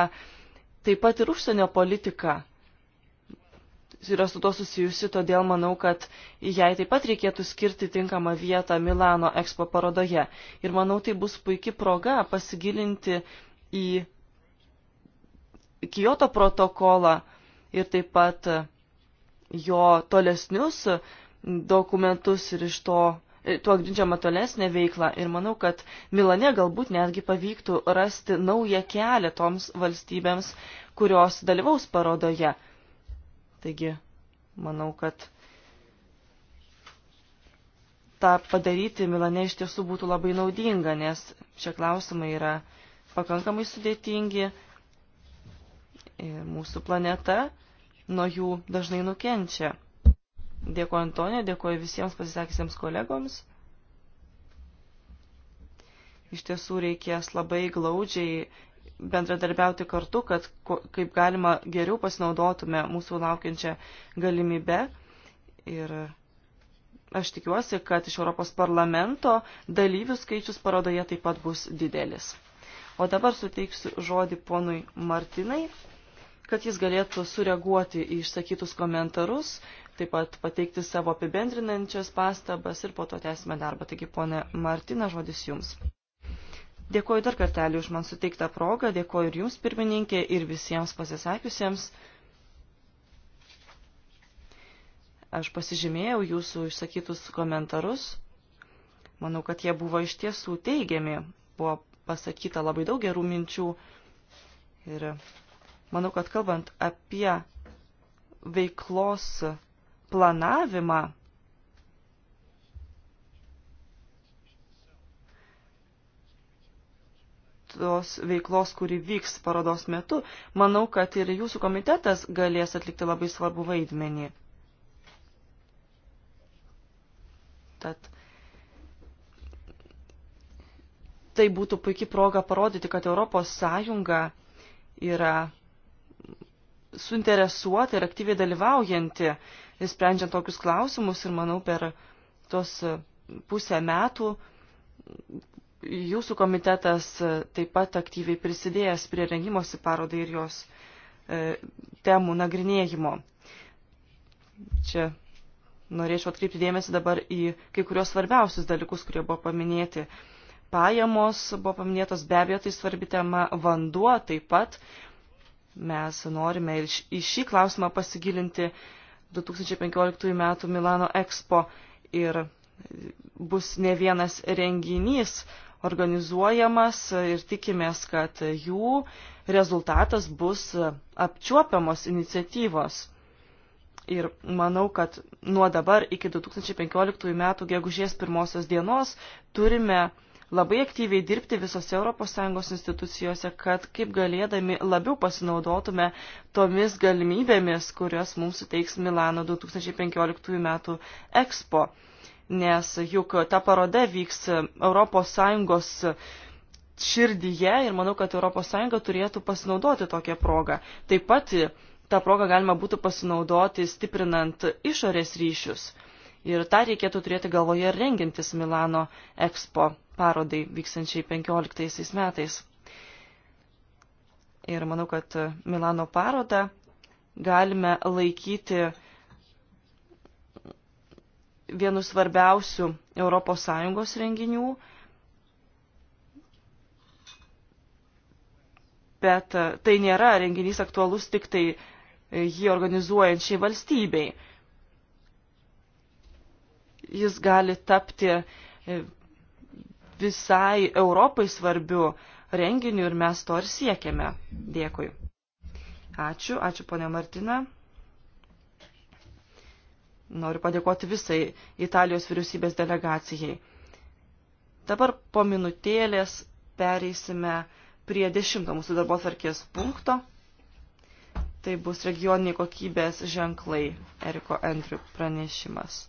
taip pat ir užsienio politika yra su to susijusi, todėl manau, kad jai taip pat reikėtų skirti tinkamą vietą Milano ekspo parodoje. Ir manau, tai bus puikia proga pasigilinti į Kyoto protokolą ir taip pat jo tolesnius dokumentus ir iš to tuo grindžiama tolesnė veikla ir manau, kad Milane galbūt netgi pavyktų rasti naują kelią toms valstybėms, kurios dalyvaus parodoje. Taigi, manau, kad tą padaryti Milane iš tiesų būtų labai naudinga, nes šie klausimai yra pakankamai sudėtingi ir mūsų planeta nuo jų dažnai nukenčia. Dėkuoju Antonio, dėkuoju visiems pasisekysiems kolegoms. Iš tiesų reikės labai glaudžiai bendradarbiauti kartu, kad kaip galima geriau pasinaudotume mūsų laukiančią galimybę. Ir aš tikiuosi, kad iš Europos parlamento dalyvių skaičius parodoje taip pat bus didelis. O dabar suteiksiu žodį ponui Martinai, kad jis galėtų sureaguoti į išsakytus komentarus, taip pat pateikti savo apibendrinančias pastabas ir po to tęsime darbą. Taigi, ponė Martina, žodis jums. Dėkuoju dar kartelį už man suteiktą progą, dėkuoju ir jums, pirmininkė, ir visiems pasisakiusiems. Aš pasižymėjau jūsų išsakytus komentarus. Manau, kad jie buvo iš tiesų teigiami. Buvo pasakyta labai daug gerų minčių. Ir manau, kad kalbant apie veiklos planavimą, tos veiklos, kuri vyks parodos metu, manau, kad ir jūsų komitetas galės atlikti labai svarbu vaidmenį. Tad tai būtų puikia proga parodyti, kad Europos Sąjunga yra suinteresuota ir aktyviai dalyvaujanti, sprendžiant tokius klausimus ir manau per tos pusę metų Jūsų komitetas e, taip pat aktyviai prisidėjęs prie rengimosi parodai ir jos e, temų nagrinėjimo. Čia norėčiau atkreipti dėmesį dabar į kai kurios svarbiausius dalykus, kurie buvo paminėti. Pajamos buvo paminėtos, be abejo, tai svarbi tema, vanduo taip pat. Mes norime ir į šį klausimą pasigilinti 2015 m. Milano Expo ir bus ne vienas renginys organizuojamas ir tikimės, kad jų rezultatas bus apčiuopiamos iniciatyvos. Ir manau, kad nuo dabar iki 2015 metų gegužės pirmosios dienos turime labai aktyviai dirbti visose ES institucijose, kad kaip galėdami labiau pasinaudotume tomis galimybėmis, kurias mums suteiks Milano 2015 metų Expo nes juk ta paroda vyks ES širdyje ir manau, kad ES turėtų pasinaudoti tokią progą. Taip pat tą progą galima būtų pasinaudoti stiprinant išorės ryšius. Ir tą reikėtų turėti galvoje rengintis Milano Expo parodai vyksančiai 15 metais. Ir manau, kad Milano parodą galime laikyti vienu svarbiausių ES renginių, bet e, tai nėra renginys aktualus tik tai e, jį organizuojančiai valstybei. Jis gali tapti e, visai Europai svarbiu renginiu ir mes to ir siekiame. Dėkui. Ačiū, ačiū ponia Martina. Noriu padėkoti visai Italijos vyriausybės delegacijai. Dabar po minutėlės pereisime prie dešimto mūsų darbo tvarkės punkto. Tai bus regioniniai kokybės ženklai Eriko Andriu pranešimas.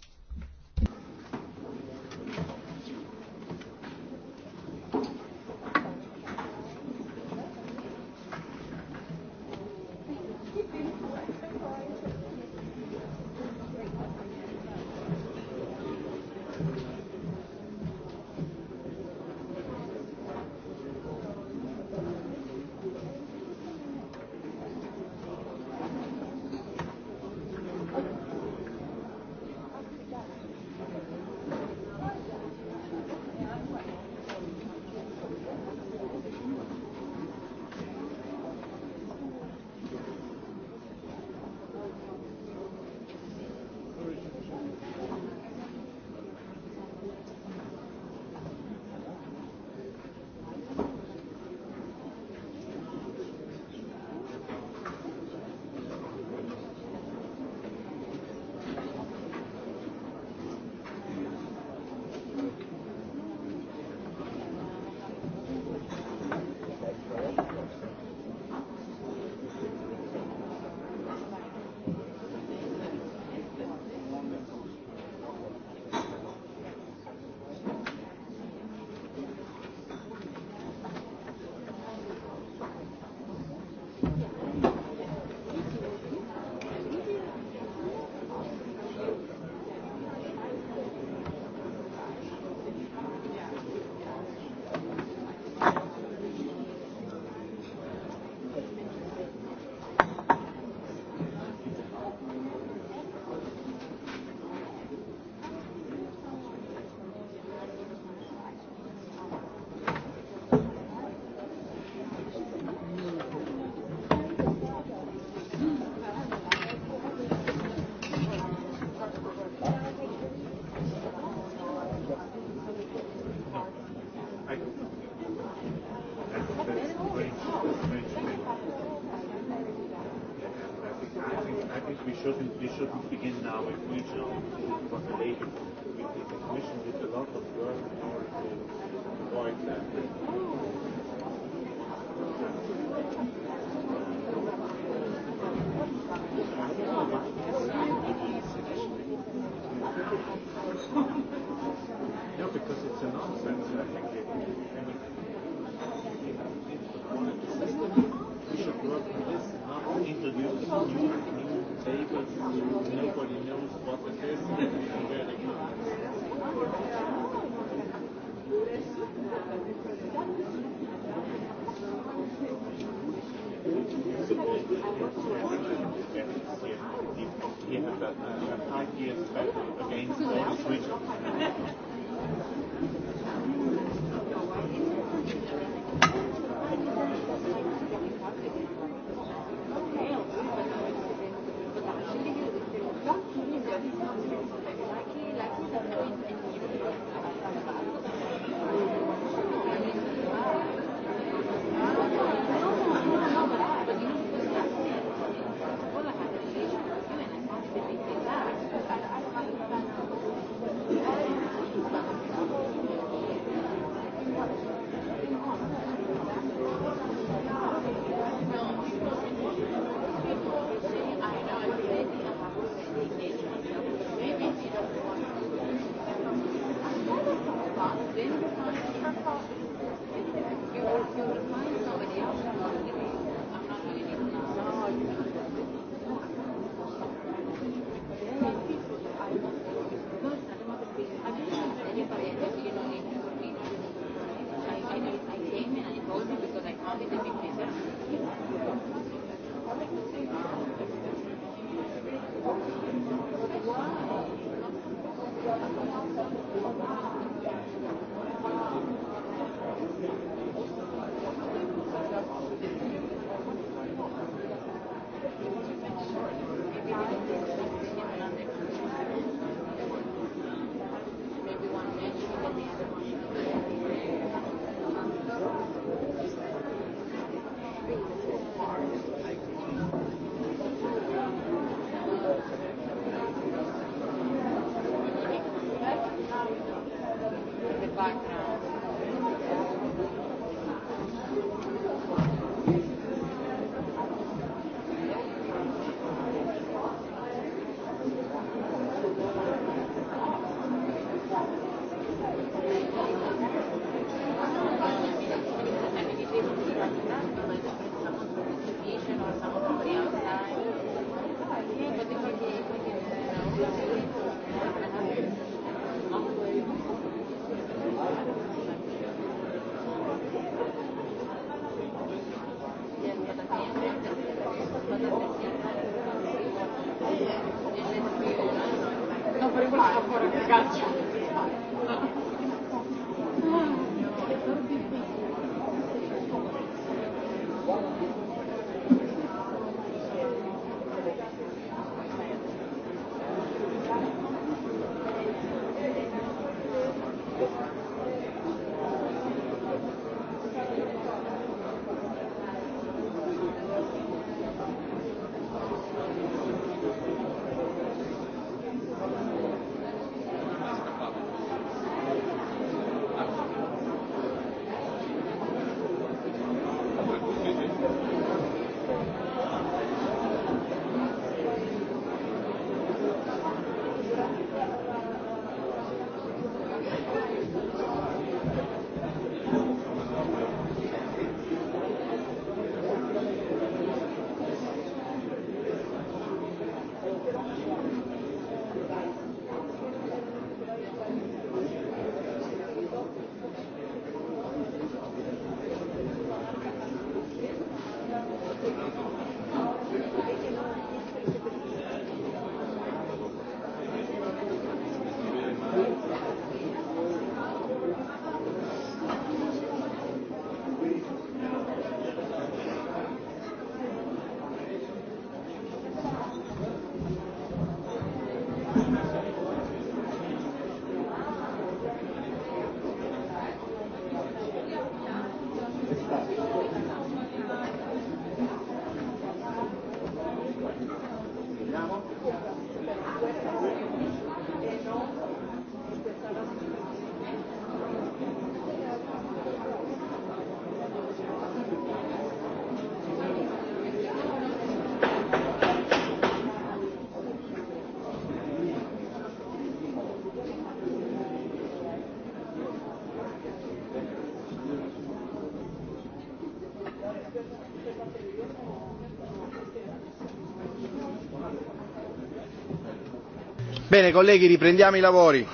Bene, colleghi, riprendiamo i lavori.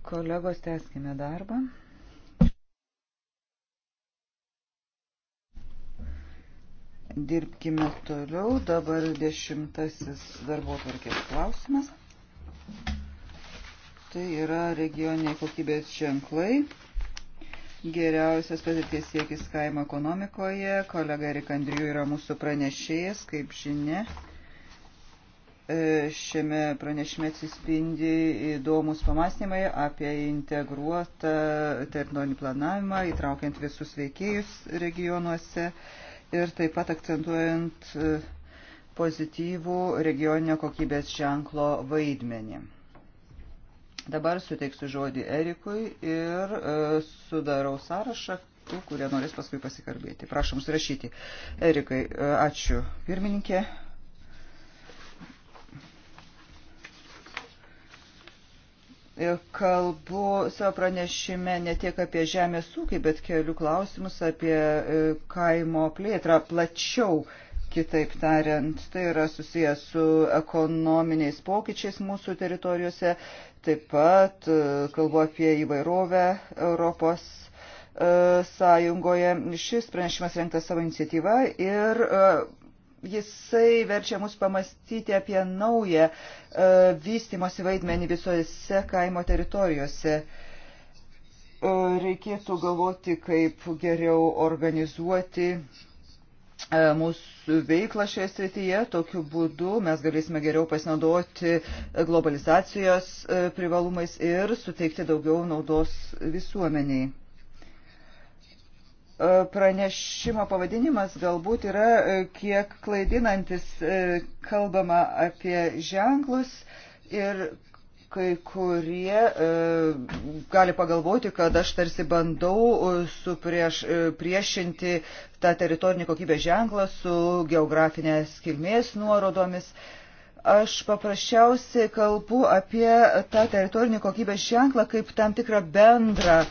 Kolegos, tęskime darbą. Dirbkime toliau. Dabar dešimtasis darbo tvarkės klausimas. Tai yra regioniniai kokybės ženklai. Geriausias patirties siekis kaimo ekonomikoje. Kolega Erikandrijų yra mūsų pranešėjas, kaip žinia. E, šiame pranešime atsispindi įdomus pamastymai apie integruotą teritorinį planavimą, įtraukiant visus veikėjus regionuose ir taip pat akcentuojant e, pozityvų regioninio kokybės ženklo vaidmenį. Dabar suteiksiu žodį Erikui ir e, sudarau sąrašą, tų, kurie norės paskui pasikalbėti. Prašom surašyti. Erikai, ačiū pirmininkė, kalbu savo pranešime ne tiek apie žemės ūkį, bet kelių klausimus apie e, kaimo plėtrą plačiau. Kitaip tariant, tai yra susijęs su ekonominiais pokyčiais mūsų teritorijose, taip pat e, kalbu apie įvairovę Europos e, Sąjungoje. Šis pranešimas renktas savo iniciatyvą ir jisai verčia mus pamastyti apie naują e, vystimosi vaidmenį visose kaimo teritorijose. E, reikėtų galvoti, kaip geriau organizuoti e, mūsų veiklą šioje srityje. Tokiu būdu mes galėsime geriau pasinaudoti globalizacijos privalumais ir suteikti daugiau naudos visuomeniai. E, pranešimo pavadinimas galbūt yra e, kiek klaidinantis, e, kalbama apie ženklus ir kai kurie gali pagalvoti, kad aš tarsi bandau suprieš, priešinti tą teritorinį kokybės ženklą su geografinės kilmės nuorodomis. Aš paprasčiausiai kalbu apie tą teritorinį kokybės ženklą kaip tam tikrą bendrą e,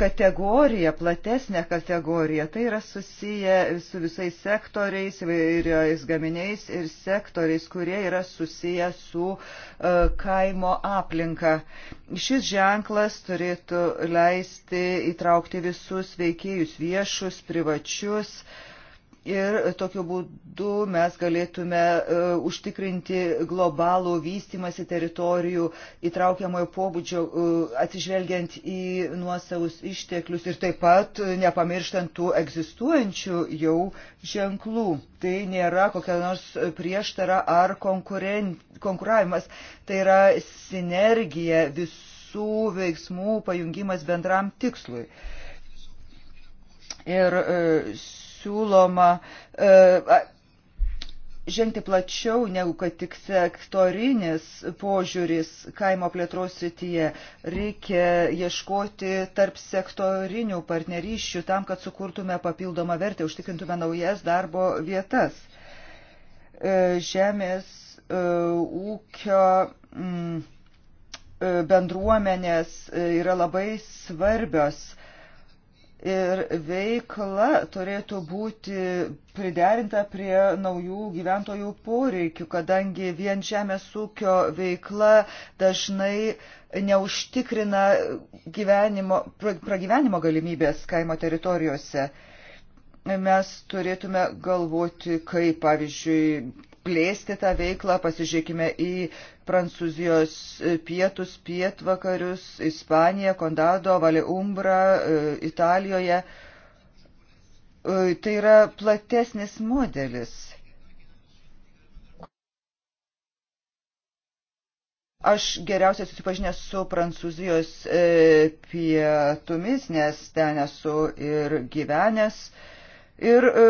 kategoriją, platesnę kategoriją. Tai yra susiję su visais sektoriais, įvairiais gaminiais ir sektoriais, kurie yra susiję su e, kaimo aplinka. Šis ženklas turėtų leisti įtraukti visus veikėjus viešus, privačius, uh, Ir tokiu būdu mes galėtume e, užtikrinti globalų vystimąsi teritorijų įtraukiamojo pobūdžio, e, atsižvelgiant į nuosavus išteklius ir taip pat nepamirštant tų egzistuojančių jau ženklų. Tai nėra kokia nors prieštara ar konkuren... konkuravimas, tai yra sinergija visų veiksmų pajungimas bendram tikslui. Ir e, siūloma e, žengti plačiau negu kad tik sektorinis požiūris kaimo plėtros srityje. Reikia ieškoti tarp sektorinių partnerysčių tam, kad sukurtume papildomą vertę, užtikrintume naujas darbo vietas. E, žemės e, ūkio mm, bendruomenės yra labai svarbios ir veikla turėtų būti priderinta prie naujų gyventojų poreikių, kadangi vien žemės ūkio veikla dažnai neužtikrina gyvenimo, pragyvenimo galimybės kaimo teritorijose mes turėtume galvoti, kaip, pavyzdžiui, plėsti tą veiklą, pasižiūrėkime į Prancūzijos pietus, pietvakarius, Ispaniją, Kondado, Valiumbrą, e, Italijoje. E, tai yra platesnis modelis. Aš geriausiai susipažinęs su Prancūzijos e, pietumis, nes ten esu ir gyvenęs. E, Ir e,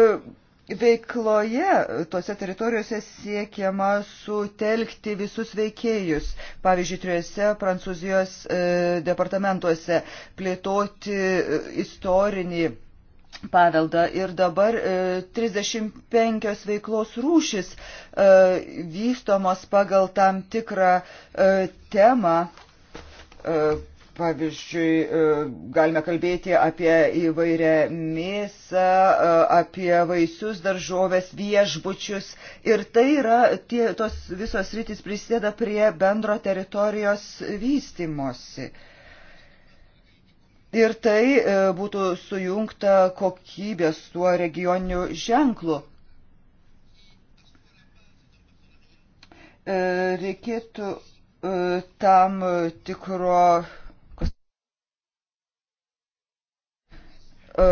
veikloje tose teritorijose siekiama sutelkti visus veikėjus, pavyzdžiui, trijose Prancūzijos e, departamentuose plėtoti e, istorinį paveldą. Ir dabar 35 veiklos rūšis vystomos pagal tam tikrą temą Pavyzdžiui, e, galime kalbėti apie įvairią mėsą, e, apie vaisius, daržovės, viešbučius. Ir tai yra, tie, tos visos rytis prisėda prie bendro teritorijos vystimosi. Ir tai e, būtų sujungta kokybės tuo regioniniu ženklu. Reikėtų tam tikro E,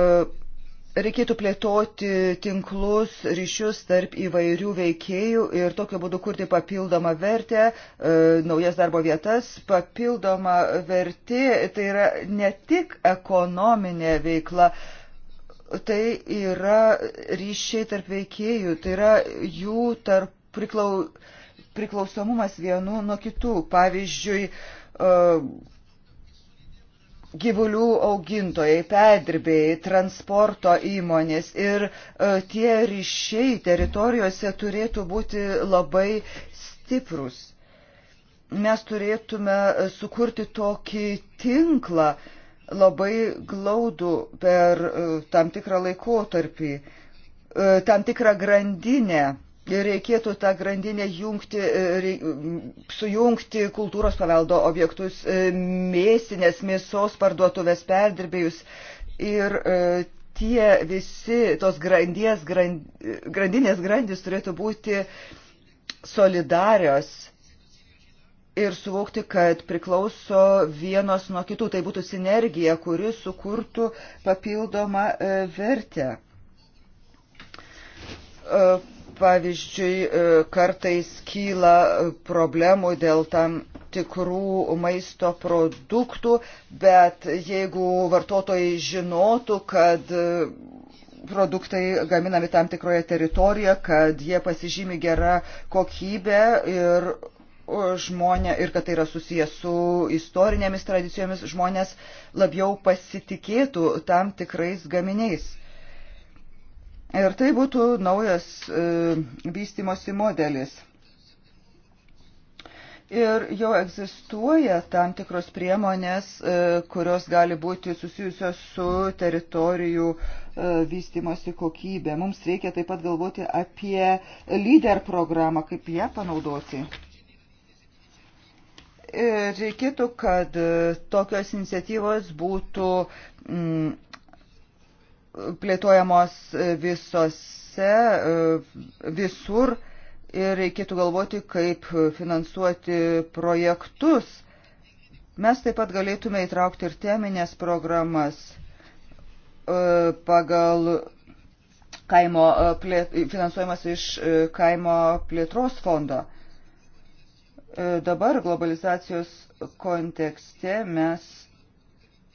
reikėtų plėtoti tinklus, ryšius tarp įvairių veikėjų ir tokiu būdu kurti papildomą vertę, e, naujas darbo vietas. Papildoma vertė tai yra ne tik ekonominė veikla, tai yra ryšiai tarp veikėjų, tai yra jų tarp priklau, priklausomumas vienų nuo kitų. Pavyzdžiui, uh, gyvulių augintojai, perdirbėjai, transporto įmonės ir e, tie ryšiai teritorijose turėtų būti labai stiprus. Mes turėtume e, sukurti tokį tinklą labai glaudų per e, tam tikrą laikotarpį, tam tikrą grandinę reikėtų tą grandinę jungti, e, sujungti kultūros paveldo objektus, e, mėsinės, mėsos parduotuvės perdirbėjus ir e, tie visi tos grandies, grand, grandinės grandys turėtų būti solidarios ir suvokti, kad priklauso vienos nuo kitų. Tai būtų sinergija, kuri sukurtų papildomą vertę pavyzdžiui, e, kartais kyla problemų dėl tam tikrų maisto produktų, bet jeigu vartotojai žinotų, kad e, produktai gaminami tam tikroje teritorijoje, kad jie pasižymi gerą kokybę ir žmonė, ir kad tai yra susijęs su istorinėmis tradicijomis, žmonės labiau pasitikėtų tam tikrais gaminiais. Ir tai būtų naujas e, vystimosi modelis. Ir jau egzistuoja tam tikros priemonės, e, kurios gali būti susijusios su teritorijų e, vystimosi kokybė. Mums reikia taip pat galvoti apie lyder programą, kaip ją panaudoti. Ir reikėtų, kad e, tokios iniciatyvos būtų. Mm, plėtojamos visose, e, visur ir reikėtų galvoti, kaip finansuoti projektus. Mes taip pat galėtume įtraukti ir teminės programas e, pagal kaimo e, plėt, finansuojamas iš kaimo plėtros fondo. Dabar globalizacijos kontekste mes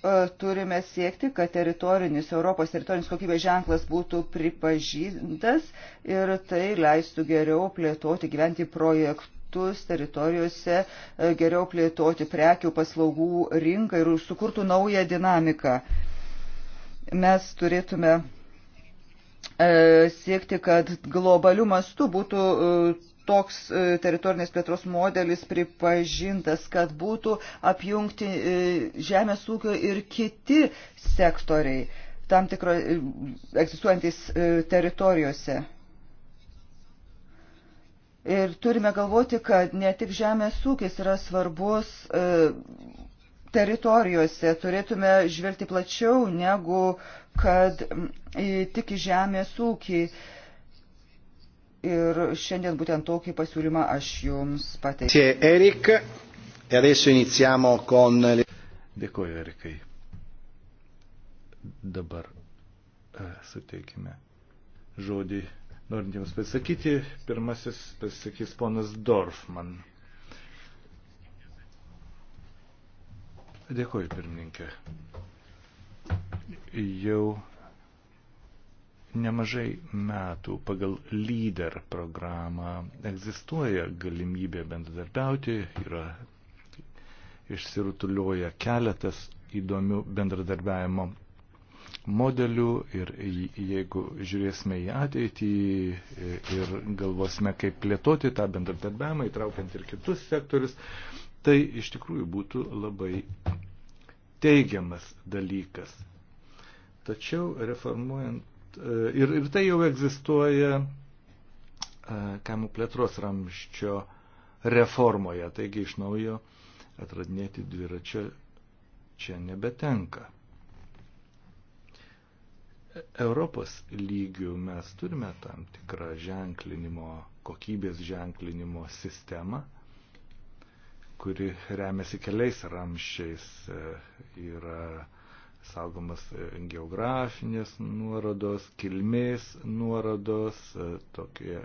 E, turime siekti, kad teritorinis Europos teritorinis kokybės ženklas būtų pripažintas ir tai leistų geriau plėtoti, gyventi projektus teritorijose, e, geriau plėtoti prekių paslaugų rinką ir sukurtų naują dinamiką. Mes turėtume e, siekti, kad globalių mastų būtų toks e, teritorinės plėtros modelis pripažintas, kad būtų apjungti e, žemės ūkio ir kiti sektoriai tam tikro e, egzistuojantis teritorijose. Ir turime galvoti, kad ne tik žemės ūkis yra svarbus teritorijose, turėtume žvelgti plačiau negu kad tik į žemės ūkį. E, Ir šiandien būtent tokį pasiūlymą aš jums pateikiu. E Dėkuoju, Erikai. Dabar e, suteikime žodį norintiems pasakyti. Pirmasis pasakys ponas Dorfman. Dėkuoju, pirmininkė. Jau nemažai metų pagal lyder programą egzistuoja galimybė bendradarbiauti, yra išsirutulioja keletas įdomių bendradarbiavimo modelių ir jeigu žiūrėsime į ateitį ir galvosime, kaip plėtoti tą bendradarbiavimą, įtraukiant ir kitus sektorius, tai iš tikrųjų būtų labai teigiamas dalykas. Tačiau reformuojant E, ir, ir tai jau egzistuoja e, kaimų plėtros ramščio reformoje, taigi iš naujo atradinėti dviračio čia nebetenka. Europos lygių mes turime tam tikrą ženklinimo, kokybės ženklinimo sistemą, kuri remiasi keliais ramščiais, e, yra saugomas e, geografinės nuorodos, kilmės nuorodos, e, tokie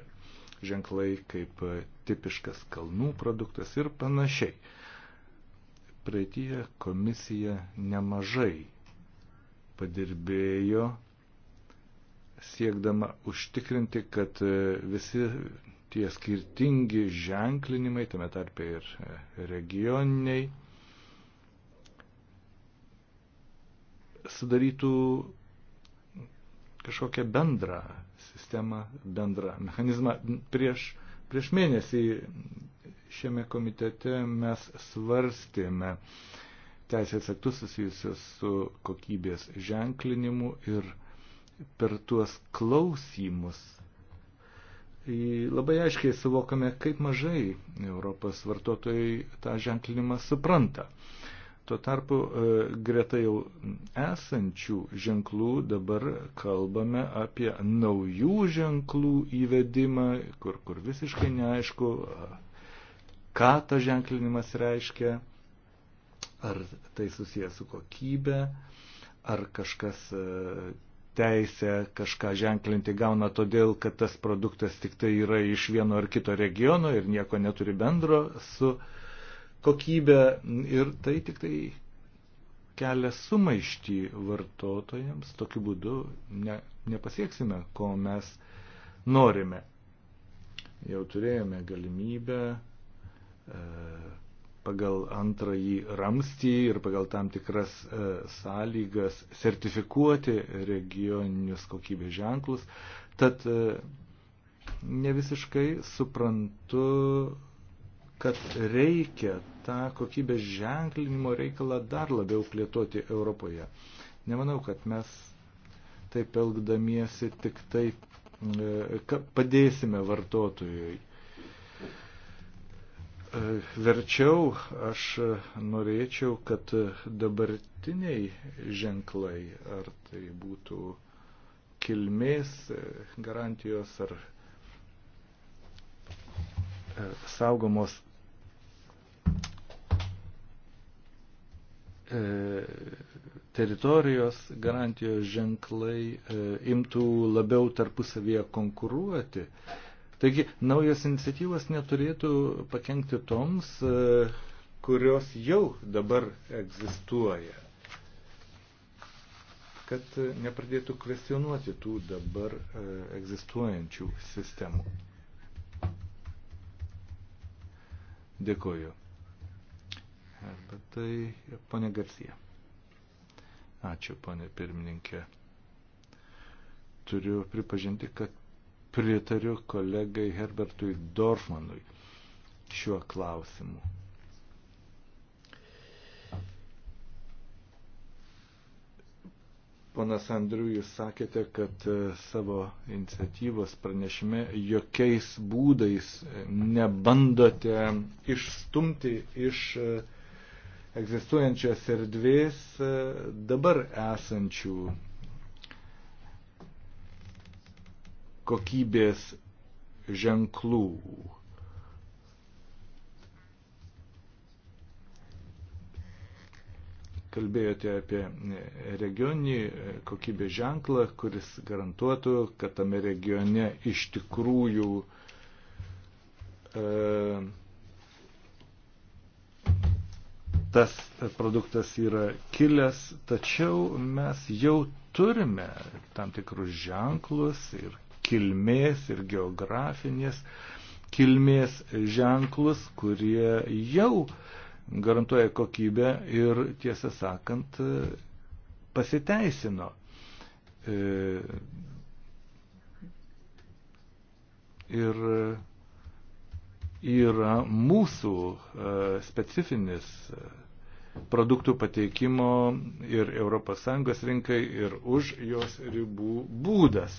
ženklai kaip e, tipiškas kalnų produktas ir panašiai. Praeitie komisija nemažai padirbėjo siekdama užtikrinti, kad visi tie skirtingi ženklinimai, tame tarpe ir regioniniai, sudarytų kažkokią bendrą sistemą, bendrą mechanizmą. Prieš, prieš mėnesį šiame komitete mes svarstėme teisės aktus susijusius su kokybės ženklinimu ir per tuos klausimus labai aiškiai suvokame, kaip mažai Europos vartotojai tą ženklinimą supranta. Tuo tarpu e, greta jau esančių ženklų dabar kalbame apie naujų ženklų įvedimą, kur, kur visiškai neaišku, ką ta ženklinimas reiškia, ar tai susijęs su kokybė, ar kažkas e, teisę kažką ženklinti gauna todėl, kad tas produktas tik tai yra iš vieno ar kito regiono ir nieko neturi bendro su uh, kokybę ir tai tik tai kelia sumaištį vartotojams, tokiu būdu ne, nepasieksime, ko mes norime. Jau turėjome galimybę e, pagal antrąjį ramstį ir pagal tam tikras e, sąlygas sertifikuoti regioninius kokybės ženklus. Tad e, ne visiškai suprantu, kad reikia tą kokybės ženklinimo reikalą dar labiau plėtoti Europoje. Nemanau, kad mes taip elgdamiesi tik tai padėsime vartotojui. E, verčiau aš norėčiau, kad dabartiniai ženklai, ar tai būtų kilmės e, garantijos ar saugomos E, teritorijos garantijos ženklai e, imtų labiau tarpusavyje konkuruoti. Taigi naujos iniciatyvos neturėtų pakengti toms, e, kurios jau dabar egzistuoja. Kad nepradėtų kvestionuoti tų dabar egzistuojančių sistemų. Dėkoju bet tai ponė Garcija. Ačiū, ponė pirmininkė. Turiu pripažinti, kad pritariu kolegai Herbertui Dorfmanui šiuo klausimu. Ponas Andriu, jūs sakėte, kad e, savo iniciatyvos pranešime jokiais būdais nebandote išstumti iš uh, egzistuojančios erdvės e, dabar esančių kokybės ženklų. Kalbėjote apie regioninį kokybės ženklą, kuris garantuotų, kad tame regione iš tikrųjų e, tas produktas yra kilęs, tačiau mes jau turime tam tikrus ženklus ir kilmės, ir geografinės kilmės ženklus, kurie jau garantuoja kokybę ir tiesą sakant pasiteisino. E, ir yra mūsų e, specifinis e, produktų pateikimo ir ES rinkai, ir už jos ribų būdas.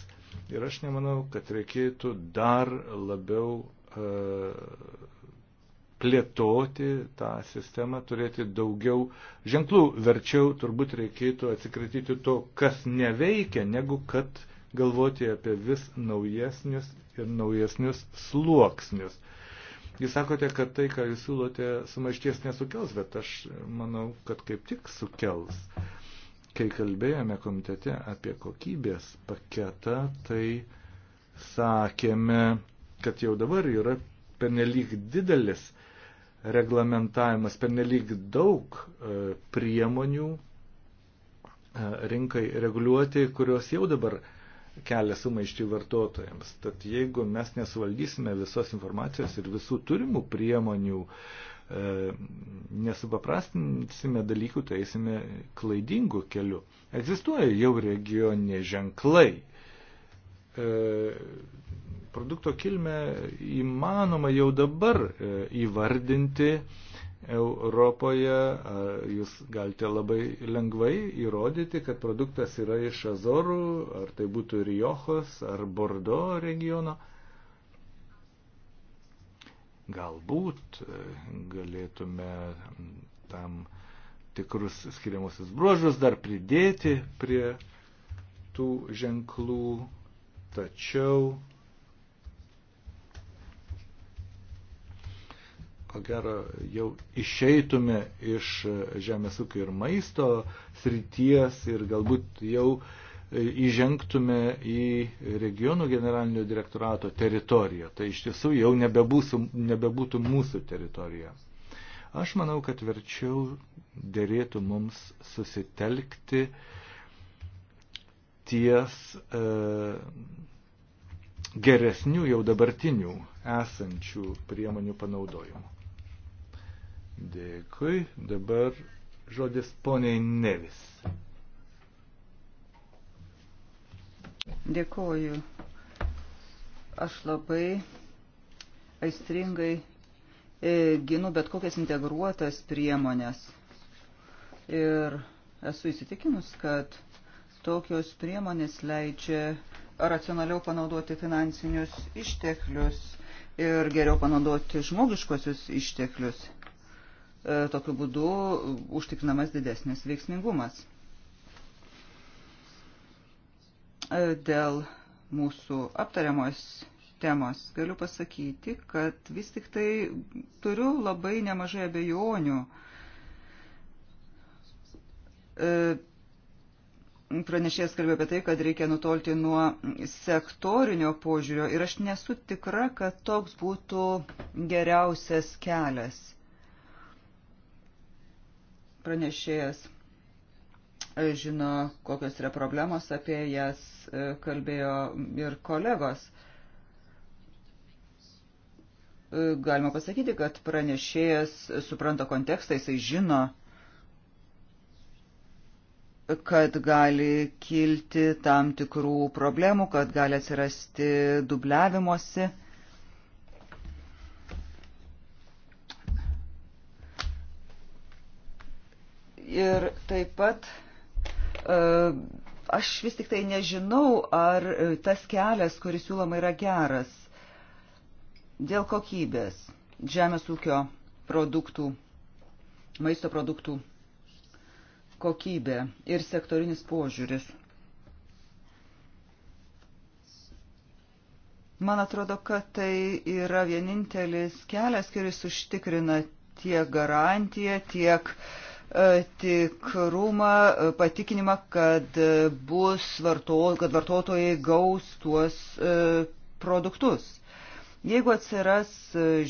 Ir aš nemanau, kad reikėtų dar labiau e, plėtoti tą sistemą, turėti daugiau ženklų. Verčiau turbūt reikėtų atsikratyti to, kas neveikia, negu kad galvoti apie vis naujesnius ir naujesnius sluoksnius. Uh, Jūs sakote, kad tai, ką jūs siūlote, sumaišties nesukels, bet aš manau, kad kaip tik sukels. Kai kalbėjome komitete apie kokybės paketą, tai sakėme, kad jau dabar yra pernelyg didelis reglamentavimas, pernelyg daug e, priemonių e, rinkai reguliuoti, kurios jau dabar kelia sumaištį vartotojams. Tad jeigu mes nesuvaldysime visos informacijos ir visų turimų priemonių, e, nesupaprastinsime dalykų, tai eisime klaidingų kelių. Egzistuoja jau regioniniai ženklai. E, produkto kilmę įmanoma jau dabar e, įvardinti Europoje jūs galite labai lengvai įrodyti, kad produktas yra iš Azorų, ar tai būtų Riochos ar Bordo regiono. Galbūt e, galėtume tam tikrus skiriamusius bruožus dar pridėti prie tų ženklų, tačiau ko gero, jau išeitume iš e, žemės ūkio ir maisto srities ir galbūt jau e, įžengtume į regionų generalinio direktorato teritoriją. Tai iš tiesų jau nebebūsų, nebebūtų mūsų teritorija. Aš manau, kad verčiau dėrėtų mums susitelkti ties e, geresnių jau dabartinių esančių priemonių panaudojimu. Dėkui. Dabar žodis poniai Nevis. Dėkoju. Aš labai aistringai e, ginu bet kokias integruotas priemonės. Ir esu įsitikinus, kad tokios priemonės leidžia racionaliau panaudoti finansinius išteklius ir geriau panaudoti žmogiškosius išteklius. E, tokiu būdu užtikrinamas didesnis veiksmingumas. E, dėl mūsų aptariamos temos galiu pasakyti, kad vis tik tai turiu labai nemažai abejonių e, pranešėjas kalbėjo apie tai, kad reikia nutolti nuo sektorinio požiūrio ir aš nesu tikra, kad toks būtų geriausias kelias. Pranešėjas e, žino, kokios yra problemos, apie jas e, kalbėjo ir kolegos. E, galima pasakyti, kad pranešėjas supranta kontekstą, jisai žino, kad gali kilti tam tikrų problemų, kad gali atsirasti dubliavimuose. Ir taip pat e, aš vis tik tai nežinau, ar e, tas kelias, kuris siūloma, yra geras dėl kokybės žemės ūkio produktų, maisto produktų kokybė ir sektorinis požiūris. Man atrodo, kad tai yra vienintelis kelias, kuris užtikrina tiek garantiją, tiek uh, E, tikrumą, e, patikinimą, kad, bus varto, kad vartotojai gaus tuos e, produktus. Jeigu atsiras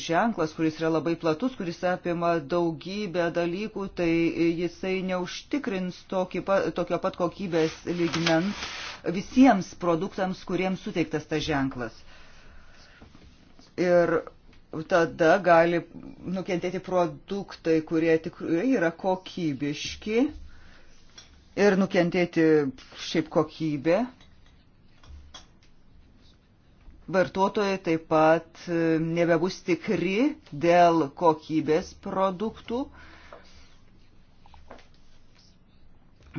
ženklas, kuris yra labai platus, kuris apima daugybę dalykų, tai jisai neužtikrins tokį, tokio pat kokybės lygmens visiems produktams, kuriems suteiktas tas ženklas. Ir tada gali nukentėti produktai, kurie tikrai yra kokybiški ir nukentėti šiaip kokybė. Vartotojai taip pat e, nebebus tikri dėl kokybės produktų.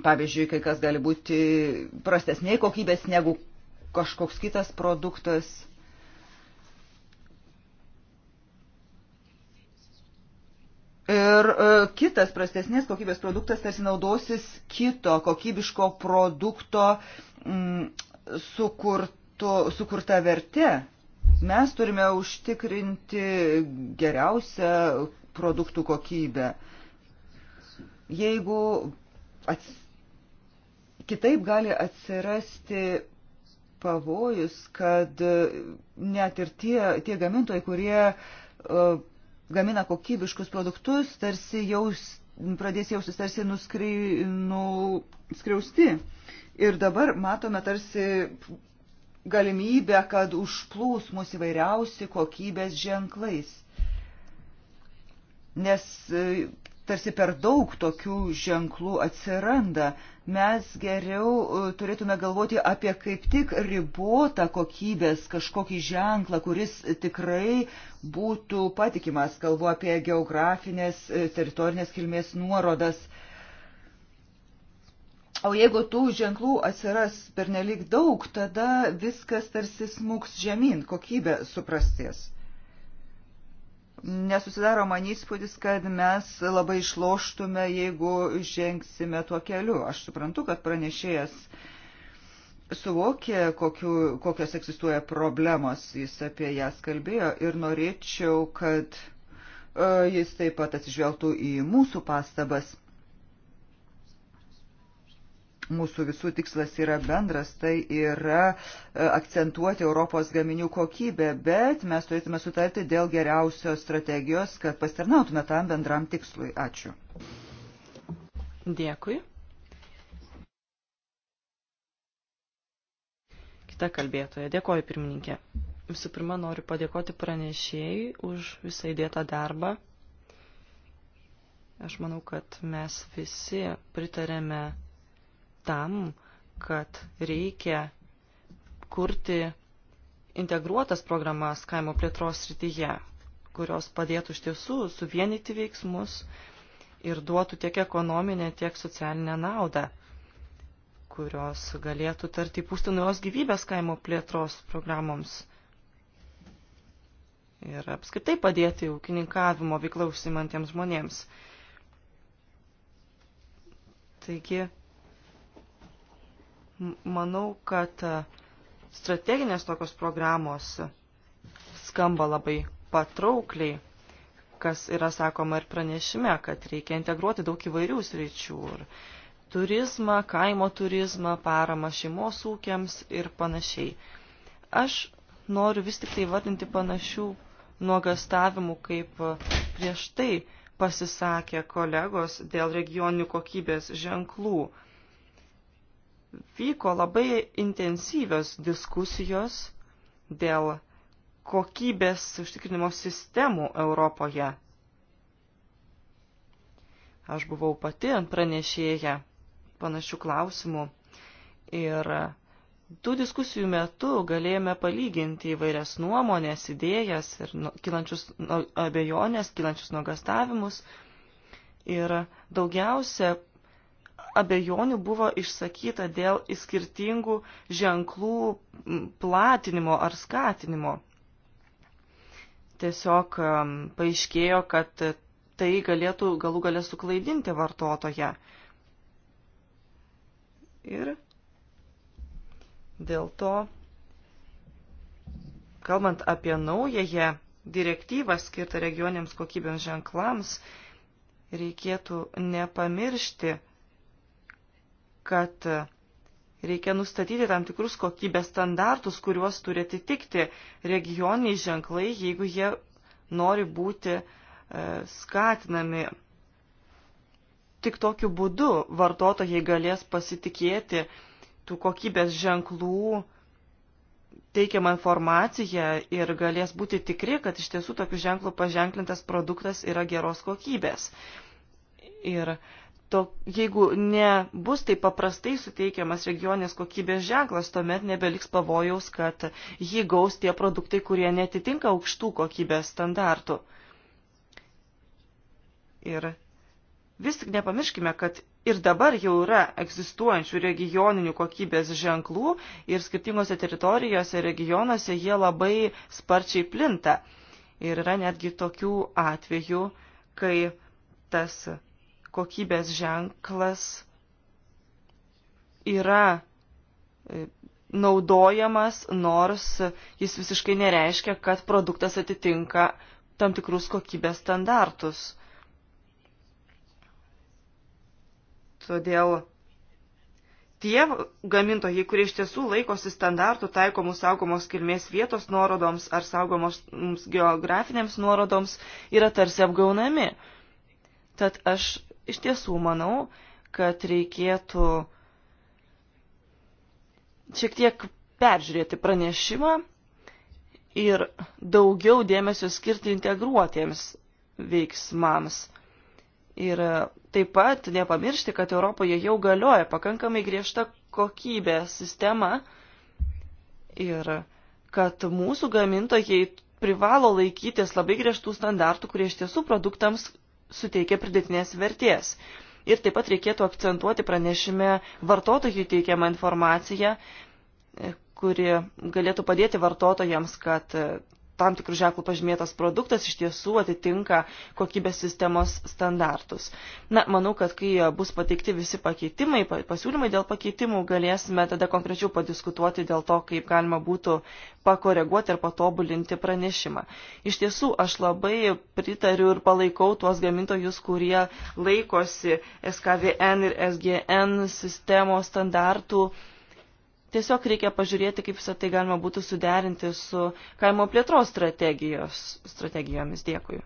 Pavyzdžiui, kai kas gali būti prastesnė kokybės negu kažkoks kitas produktas Ir e, kitas prastesnės kokybės produktas tarsi naudosis kito kokybiško produkto m, mm, sukurto, sukurta verte. Mes turime užtikrinti geriausią produktų kokybę. Jeigu ats... kitaip gali atsirasti pavojus, kad net ir tie, tie gamintojai, kurie uh, gamina kokybiškus produktus, tarsi jaus, pradės jaustis tarsi nuskri, nuskriausti. Ir dabar matome tarsi galimybę, kad užplūs mūsų įvairiausi kokybės ženklais. Nes e, tarsi per daug tokių ženklų atsiranda mes geriau e, turėtume galvoti apie kaip tik ribotą kokybės kažkokį ženklą, kuris tikrai būtų patikimas. Kalbu apie geografinės e, teritorinės kilmės nuorodas. O jeigu tų ženklų atsiras per nelik daug, tada viskas tarsi smūgs žemyn, kokybė suprasties nesusidaro man įspūdis, kad mes labai išloštume, jeigu žengsime tuo keliu. Aš suprantu, kad pranešėjas suvokė, kokiu, kokios egzistuoja problemos, jis apie jas kalbėjo ir norėčiau, kad e, jis taip pat atsižvelgtų į mūsų pastabas mūsų visų tikslas yra bendras, tai yra e, akcentuoti Europos gaminių kokybę, bet mes turėtume sutarti dėl geriausios strategijos, kad pastarnautume tam bendram tikslui. Ačiū. Dėkui. Kita kalbėtoja. Dėkoju, pirmininkė. Visų pirma, noriu padėkoti pranešėjai už visą įdėtą darbą. Aš manau, kad mes visi pritarėme tam, kad reikia kurti integruotas programas kaimo plėtros srityje, kurios padėtų iš tiesų suvienyti veiksmus ir duotų tiek ekonominę, tiek socialinę naudą, kurios galėtų tarti pūsti naujos gyvybės kaimo plėtros programoms ir apskritai padėti ūkininkavimo veiklą užsimantiems žmonėms. Taigi, Manau, kad e, strateginės tokios programos skamba labai patraukliai, kas yra sakoma ir pranešime, kad reikia integruoti daug įvairių sričių ir turizmą, kaimo turizmą, paramą šeimos ūkiams ir panašiai. Aš noriu vis tik tai vadinti panašių nuogastavimų, kaip e, prieš tai pasisakė kolegos dėl regioninių kokybės ženklų vyko labai intensyvios diskusijos dėl kokybės užtikrinimo sistemų Europoje. Aš buvau pati pranešėja panašių klausimų ir tų diskusijų metu galėjome palyginti įvairias nuomonės, idėjas ir nu, kilančius nu, abejonės, kilančius nuogastavimus. Ir daugiausia abejonių buvo išsakyta dėl skirtingų ženklų platinimo ar skatinimo. Tiesiog paaiškėjo, kad tai galėtų galų galę suklaidinti vartotoje. Ir dėl to, kalbant apie naująją direktyvą skirtą regioniams kokybėms ženklams, reikėtų nepamiršti kad reikia nustatyti tam tikrus kokybės standartus, kuriuos turi atitikti regioniniai ženklai, jeigu jie nori būti e, skatinami. Tik tokiu būdu vartotojai galės pasitikėti tų kokybės ženklų teikiamą informaciją ir galės būti tikri, kad iš tiesų tokiu ženklu paženklintas produktas yra geros kokybės. Ir uh, to, jeigu nebus taip paprastai suteikiamas regionės kokybės ženklas, tuomet nebeliks pavojaus, kad jį gaus tie produktai, kurie netitinka aukštų kokybės standartų. Ir vis tik nepamirškime, kad ir dabar jau yra egzistuojančių regioninių kokybės ženklų ir skirtingose teritorijose, regionuose jie labai sparčiai plinta. Ir yra netgi tokių atvejų, kai tas kokybės ženklas yra e, naudojamas, nors jis visiškai nereiškia, kad produktas atitinka tam tikrus kokybės standartus. Todėl tie gamintojai, kurie iš tiesų laikosi standartų taikomų saugomos kilmės vietos nuorodoms ar saugomos mm, geografinėms nuorodoms, yra tarsi apgaunami. Tad aš Iš tiesų manau, kad reikėtų šiek tiek peržiūrėti pranešimą ir daugiau dėmesio skirti integruotiems veiksmams. Ir taip pat nepamiršti, kad Europoje jau galioja pakankamai griežta kokybė sistema ir kad mūsų gamintojai privalo laikytis labai griežtų standartų, kurie iš tiesų produktams suteikia pridėtinės vertės. Ir taip pat reikėtų akcentuoti pranešime vartotojų teikiamą informaciją, e, kuri galėtų padėti vartotojams, kad e, tam tikrų ženklų pažymėtas produktas iš tiesų atitinka kokybės sistemos standartus. Na, manau, kad kai bus pateikti visi pakeitimai, pasiūlymai dėl pakeitimų, galėsime tada konkrečiau padiskutuoti dėl to, kaip galima būtų pakoreguoti ir patobulinti pranešimą. Iš tiesų, aš labai pritariu ir palaikau tuos gamintojus, kurie laikosi SKVN ir SGN sistemos standartų Tiesiog reikia pažiūrėti, kaip visą tai galima būtų suderinti su kaimo plėtros strategijomis. Dėkui.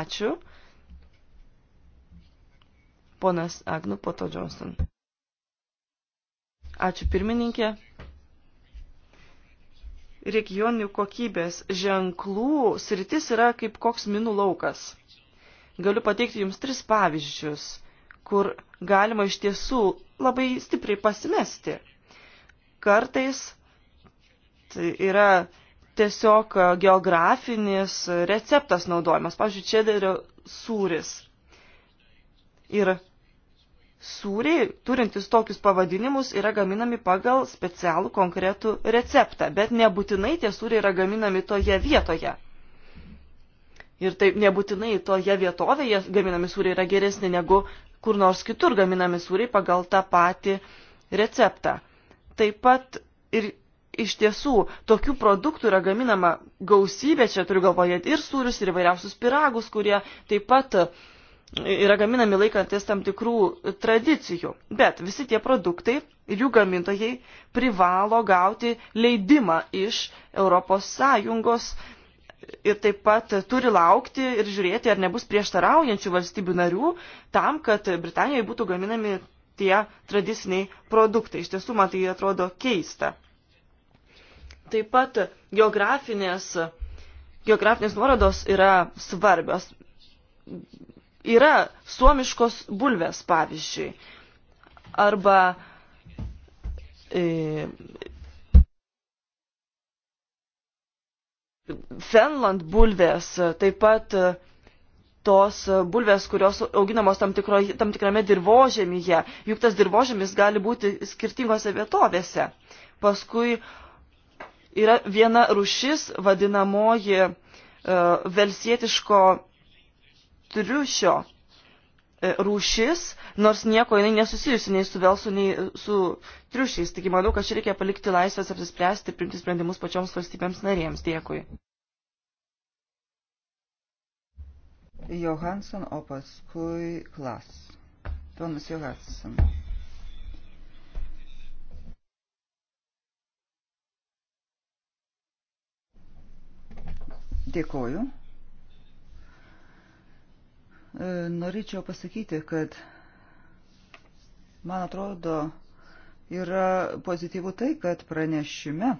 Ačiū. Ponas Agnu, po to Johnson. Ačiū pirmininkė. Regioninių kokybės ženklų sritis yra kaip koks minų laukas. Galiu pateikti jums tris pavyzdžius kur galima iš tiesų labai stipriai pasimesti. Kartais tai yra tiesiog geografinis receptas naudojamas, pavyzdžiui, čederio sūris. Ir sūriai, turintys tokius pavadinimus, yra gaminami pagal specialų konkretų receptą, bet nebūtinai tie sūriai yra gaminami toje vietoje. Ir taip nebūtinai toje vietovėje gaminami sūriai yra geresni negu kur nors kitur gaminami sūriai pagal tą patį receptą. Taip pat ir iš tiesų tokių produktų yra gaminama gausybė, čia turiu galvoje ir sūrius, ir įvairiausius piragus, kurie taip pat yra gaminami laikantis tam tikrų tradicijų. Bet visi tie produktai ir jų gamintojai privalo gauti leidimą iš ES ir taip pat turi laukti ir žiūrėti, ar nebus prieštaraujančių valstybių narių tam, kad Britanijoje būtų gaminami tie tradiciniai produktai. Iš tiesų, man tai atrodo keista. Taip pat geografinės, geografinės nuorodos yra svarbios. Yra suomiškos bulvės, pavyzdžiui, arba e, Fenland bulvės, taip pat e, tos bulvės, kurios auginamos tam, tikro, tam tikrame dirbožėmyje, juk tas dirbožėmis gali būti skirtingose vietovėse. Paskui yra viena rušis vadinamoji uh, velsietiško triušio E, rūšis, nors nieko jinai nesusijusi nei su velsu, nei su triušiais. Taigi manau, kad čia reikia palikti laisvės apsispręsti, priimti sprendimus pačioms valstybėms narėms. Dėkui. Johansson, o paskui Klas. Ponas Johansson. Dėkoju. E, norėčiau pasakyti, kad man atrodo yra pozityvų tai, kad pranešime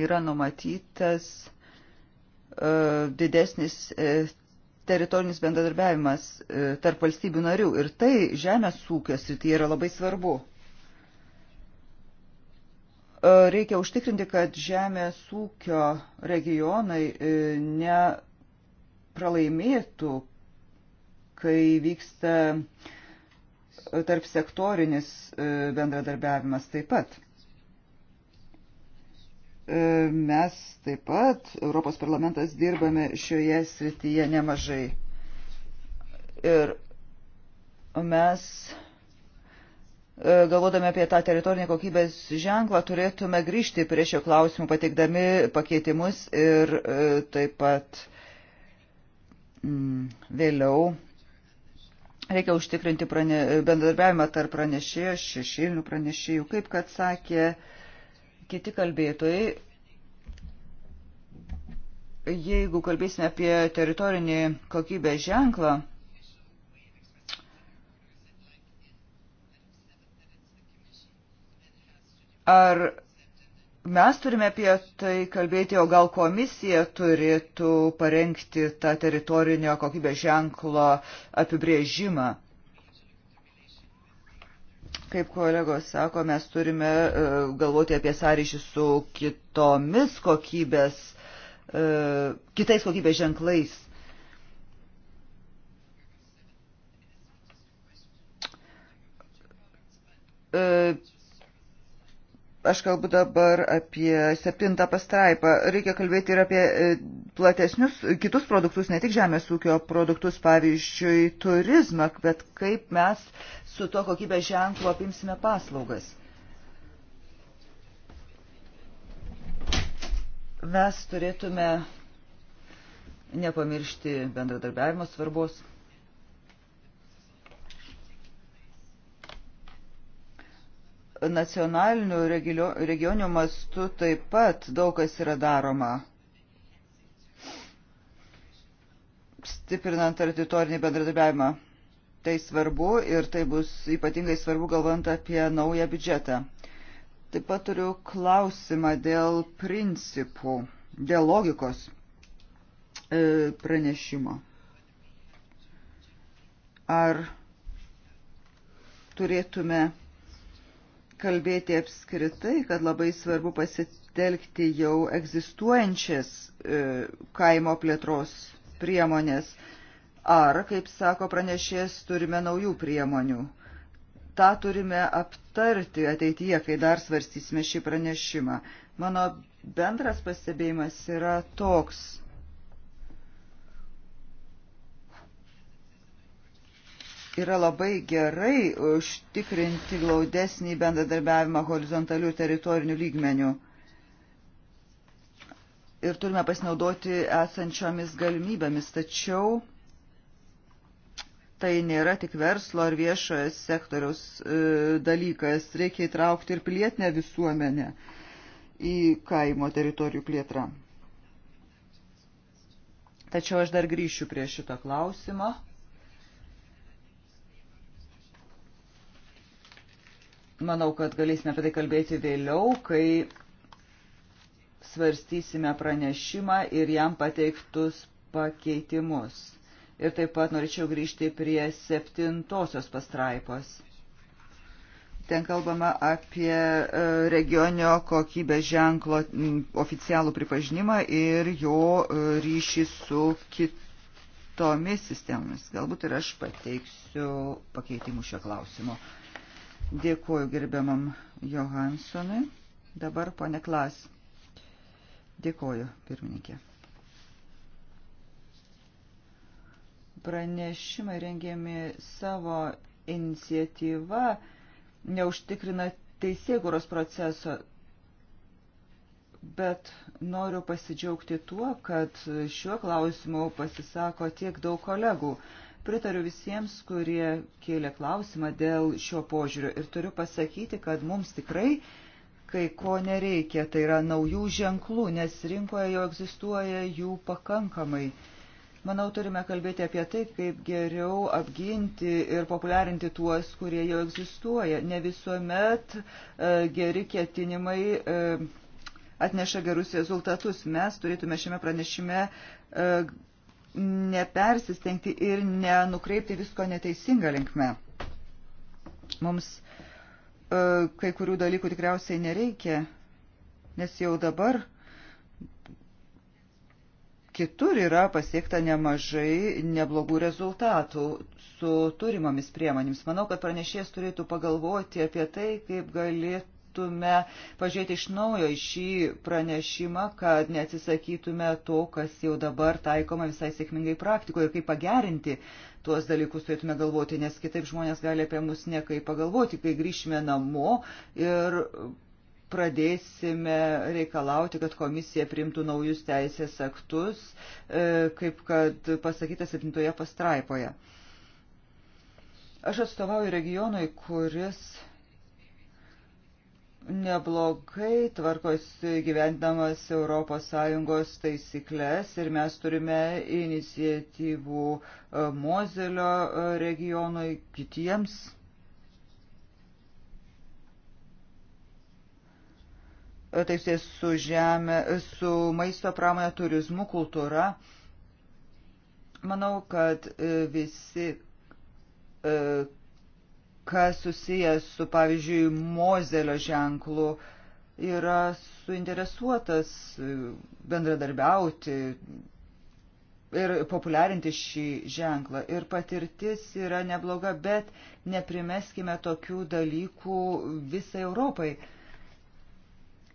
yra numatytas e, didesnis e, teritorinis bendradarbiavimas tarp valstybių narių ir tai žemės ūkės ir tai yra labai svarbu. Reikia užtikrinti, kad žemės ūkio regionai ne pralaimėtų, kai vyksta e, tarp sektorinis e, bendradarbiavimas taip pat. E, mes taip pat, Europos parlamentas, dirbame šioje srityje nemažai. Ir mes galvodami apie tą teritorinį kokybės ženklą, turėtume grįžti prie šio klausimų, pateikdami pakeitimus ir taip pat Mm, vėliau reikia užtikrinti prane, bendradarbiavimą tarp pranešėjų, šešėlinių pranešėjų, kaip kad sakė kiti kalbėtojai. Jeigu kalbėsime apie teritorinį kokybės ženklą, ar mes turime apie tai kalbėti, o gal komisija turėtų parengti tą teritorinio kokybės ženklo apibrėžimą. Kaip kolegos sako, mes turime e, galvoti apie sąryšį su kitomis kokybės, e, kitais kokybės ženklais. E, Aš kalbu dabar apie septintą pastraipą. Reikia kalbėti ir apie e, platesnius kitus produktus, ne tik žemės ūkio produktus, pavyzdžiui, turizmą, bet kaip mes su to kokybės ženklu apimsime paslaugas. Mes turėtume nepamiršti bendradarbiavimo svarbos. nacionaliniu regioniu mastu taip pat daug kas yra daroma. Stiprinant teritorinį bendradarbiavimą. Tai svarbu ir tai bus ypatingai svarbu galvant apie naują biudžetą. Taip pat turiu klausimą dėl principų, dėl logikos e, pranešimo. Ar turėtume kalbėti apskritai, kad labai svarbu pasitelkti jau egzistuojančias e, kaimo plėtros priemonės. Ar, kaip sako pranešės, turime naujų priemonių. Ta turime aptarti ateityje, kai dar svarstysime šį pranešimą. Mano bendras pastebėjimas yra toks yra labai gerai užtikrinti glaudesnį bendradarbiavimą horizontalių ir teritorinių lygmenių. Ir turime pasinaudoti esančiomis galimybėmis, tačiau tai nėra tik verslo ar viešojo sektoriaus e, dalykas, reikia įtraukti ir pilietinę visuomenę į kaimo teritorijų plėtrą. Tačiau aš dar grįšiu prie šito klausimo. Manau, kad galėsime apie tai kalbėti vėliau, kai svarstysime pranešimą ir jam pateiktus pakeitimus. Ir taip pat norėčiau grįžti prie septintosios pastraipos. Ten kalbama apie e, regionio kokybės ženklo oficialų pripažinimą ir jo e, ryšį su kitomis sistemomis. Galbūt ir aš pateiksiu pakeitimų šio klausimo. Dėkuoju gerbiamam Johansonui. Dabar ponė Klas. Dėkuoju, pirmininkė. Pranešimai rengiami savo iniciatyva neužtikrina teisėgūros proceso, bet noriu pasidžiaugti tuo, kad šiuo klausimu pasisako tiek daug kolegų. Pritariu visiems, kurie kėlė klausimą dėl šio požiūrio ir turiu pasakyti, kad mums tikrai kai ko nereikia, tai yra naujų ženklų, nes rinkoje jau egzistuoja jų pakankamai. Manau, turime kalbėti apie tai, kaip geriau apginti ir populiarinti tuos, kurie jau egzistuoja. Ne visuomet e, geri ketinimai e, atneša gerus rezultatus. Mes turėtume šiame pranešime e, nepersistengti ir nenukreipti visko neteisinga linkme. Mums e, kai kurių dalykų tikriausiai nereikia, nes jau dabar kitur yra pasiekta nemažai neblogų rezultatų su turimomis priemonėmis. Manau, kad pranešėjas turėtų pagalvoti apie tai, kaip galėtų turėtume pažiūrėti iš naujo į šį pranešimą, kad neatsisakytume to, kas jau dabar taikoma visai sėkmingai praktikoje ir kaip pagerinti tuos dalykus turėtume galvoti, nes kitaip žmonės gali apie mus niekai pagalvoti, kai grįšime namo ir pradėsime reikalauti, kad komisija primtų naujus teisės aktus, e, kaip kad pasakyta septintoje pastraipoje. Aš atstovauju regionui, kuris neblogai tvarkosi gyvendamas ES taisyklės ir mes turime iniciatyvų e, Mozelio e, regionui kitiems. E, Taip sės su žemė, su maisto pramonė, turizmu, kultūra. Manau, kad visi kas susijęs su, pavyzdžiui, mozelio ženklu, yra suinteresuotas e, bendradarbiauti ir populiarinti šį ženklą. Ir patirtis yra nebloga, bet neprimeskime tokių dalykų visai Europai.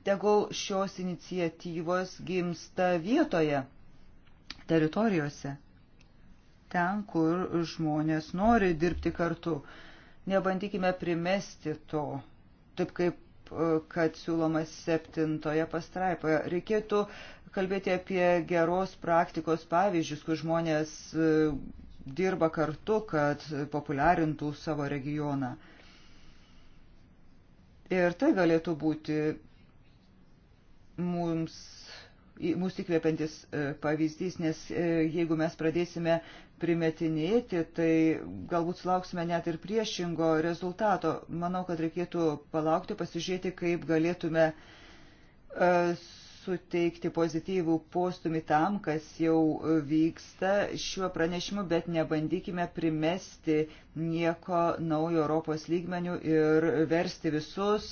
Tegul šios iniciatyvos gimsta vietoje, teritorijose, ten, kur žmonės nori dirbti kartu. Nebandykime primesti to, taip kaip e, kad siūloma septintoje pastraipoje. Reikėtų kalbėti apie geros praktikos pavyzdžius, kur žmonės e, dirba kartu, kad populiarintų savo regioną. Ir tai galėtų būti mums mūsų įkvėpiantis e, pavyzdys, nes e, jeigu mes pradėsime primetinėti, tai galbūt sulauksime net ir priešingo rezultato. Manau, kad reikėtų palaukti, pasižiūrėti, kaip galėtume e, suteikti pozityvų postumį tam, kas jau vyksta šiuo pranešimu, bet nebandykime primesti nieko naujo Europos lygmenių ir versti visus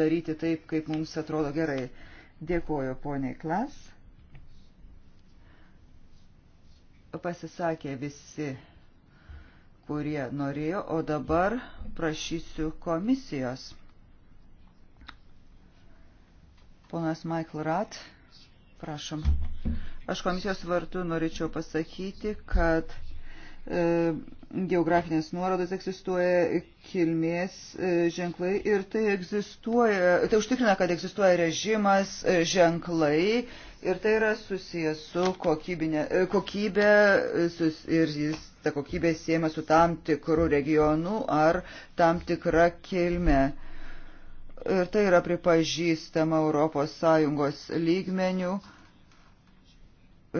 daryti taip, kaip mums atrodo gerai. Dėkuoju poniai Klas. Pasisakė visi, kurie norėjo, o dabar prašysiu komisijos. Ponas Michael Rat, prašom. Aš komisijos vartų norėčiau pasakyti, kad E, geografinės nuorodos egzistuoja, kilmės e, ženklai ir tai egzistuoja, tai užtikrina, kad egzistuoja režimas, e, ženklai ir tai yra susijęs su kokybinė, kokybė sus, ir jis, ta kokybė siejama su tam tikru regionu ar tam tikra kilme. Ir tai yra pripažįstama Europos Sąjungos lygmenių. E,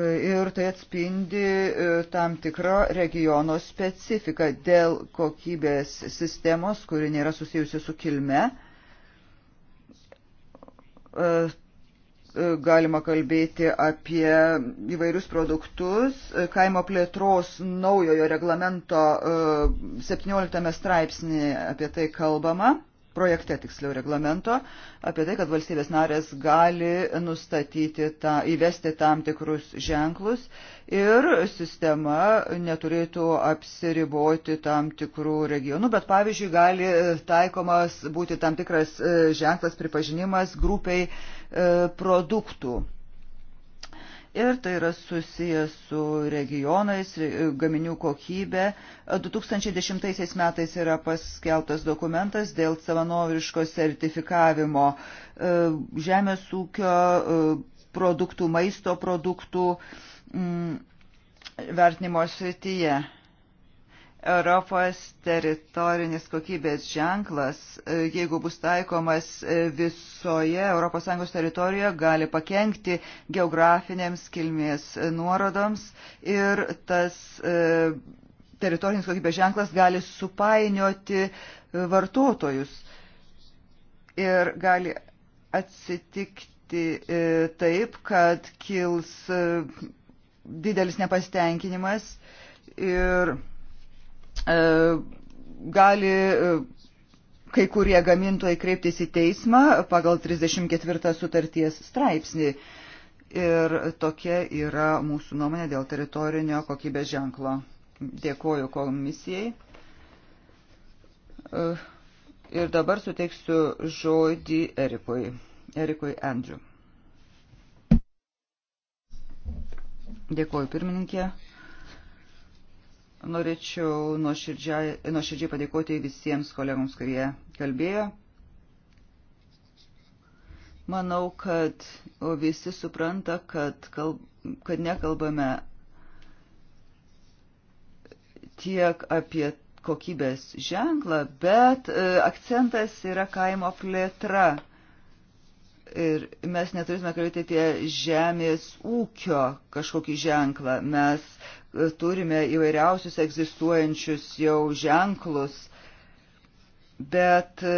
ir tai atspindi e, tam tikro regiono specifiką dėl kokybės sistemos, kuri nėra susijusi su kilme. E, e, galima kalbėti apie įvairius produktus. Kaimo plėtros naujojo reglamento 17 straipsnį apie tai kalbama projekte tiksliau reglamento apie tai, kad valstybės narės gali nustatyti, tą, įvesti tam tikrus ženklus ir sistema neturėtų apsiriboti tam tikrų regionų, bet pavyzdžiui gali taikomas būti tam tikras e, ženklas pripažinimas grupiai e, produktų ir tai yra susijęs su regionais, gaminių kokybė. 2010 metais yra paskelbtas dokumentas dėl savanoriško sertifikavimo e, žemės ūkio e, produktų, maisto produktų mm, vertinimo srityje. Europos teritorinis kokybės ženklas, e, jeigu bus taikomas e, visoje ES teritorijoje, gali pakengti geografinėms kilmės e, nuorodoms ir tas teritorinis kokybės ženklas gali supainioti vartotojus ir gali atsitikti taip, kad kils didelis nepastenkinimas ir E, gali e, kai kurie gamintojai kreiptis į teismą pagal 34 sutarties straipsnį. Ir tokia yra mūsų nuomonė dėl teritorinio kokybės ženklo. Dėkoju komisijai. E, ir dabar suteiksiu žodį Erikui, Erikui Andrew. Dėkoju pirmininkė. Norėčiau nuoširdžiai, nuoširdžiai padėkoti visiems kolegoms, kurie kalbėjo. Manau, kad visi supranta, kad, kalb, kad nekalbame tiek apie kokybės ženklą, bet e, akcentas yra kaimo plėtra. Ir mes neturėtume kalbėti apie žemės ūkio kažkokį ženklą. Mes turime įvairiausius egzistuojančius jau ženklus, bet e,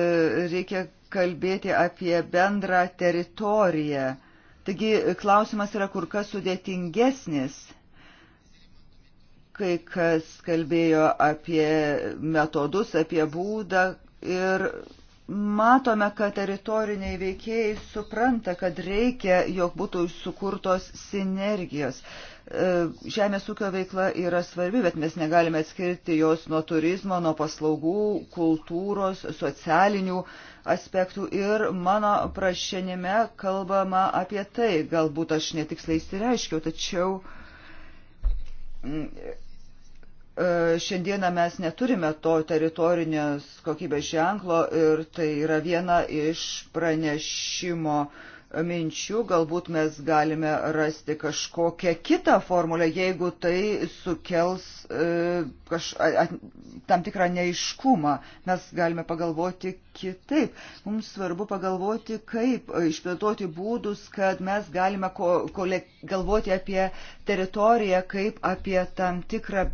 reikia kalbėti apie bendrą teritoriją. Taigi klausimas yra kur kas sudėtingesnis. Kai kas kalbėjo apie metodus, apie būdą ir matome, kad teritoriniai veikėjai supranta, kad reikia, jog būtų sukurtos sinergijos. E, žemės ūkio veikla yra svarbi, bet mes negalime atskirti jos nuo turizmo, nuo paslaugų, kultūros, socialinių aspektų. Ir mano prašinime kalbama apie tai, galbūt aš netiksliai įsireiškiau, tačiau mm, e, šiandieną mes neturime to teritorinės kokybės ženklo ir tai yra viena iš pranešimo uh, minčių, galbūt mes galime rasti kažkokią kitą formulę, jeigu tai sukels e, kaž, a, a, tam tikrą neiškumą. Mes galime pagalvoti kitaip. Mums svarbu pagalvoti, kaip išplėtoti būdus, kad mes galime ko, kole, galvoti apie teritoriją kaip apie tam tikrą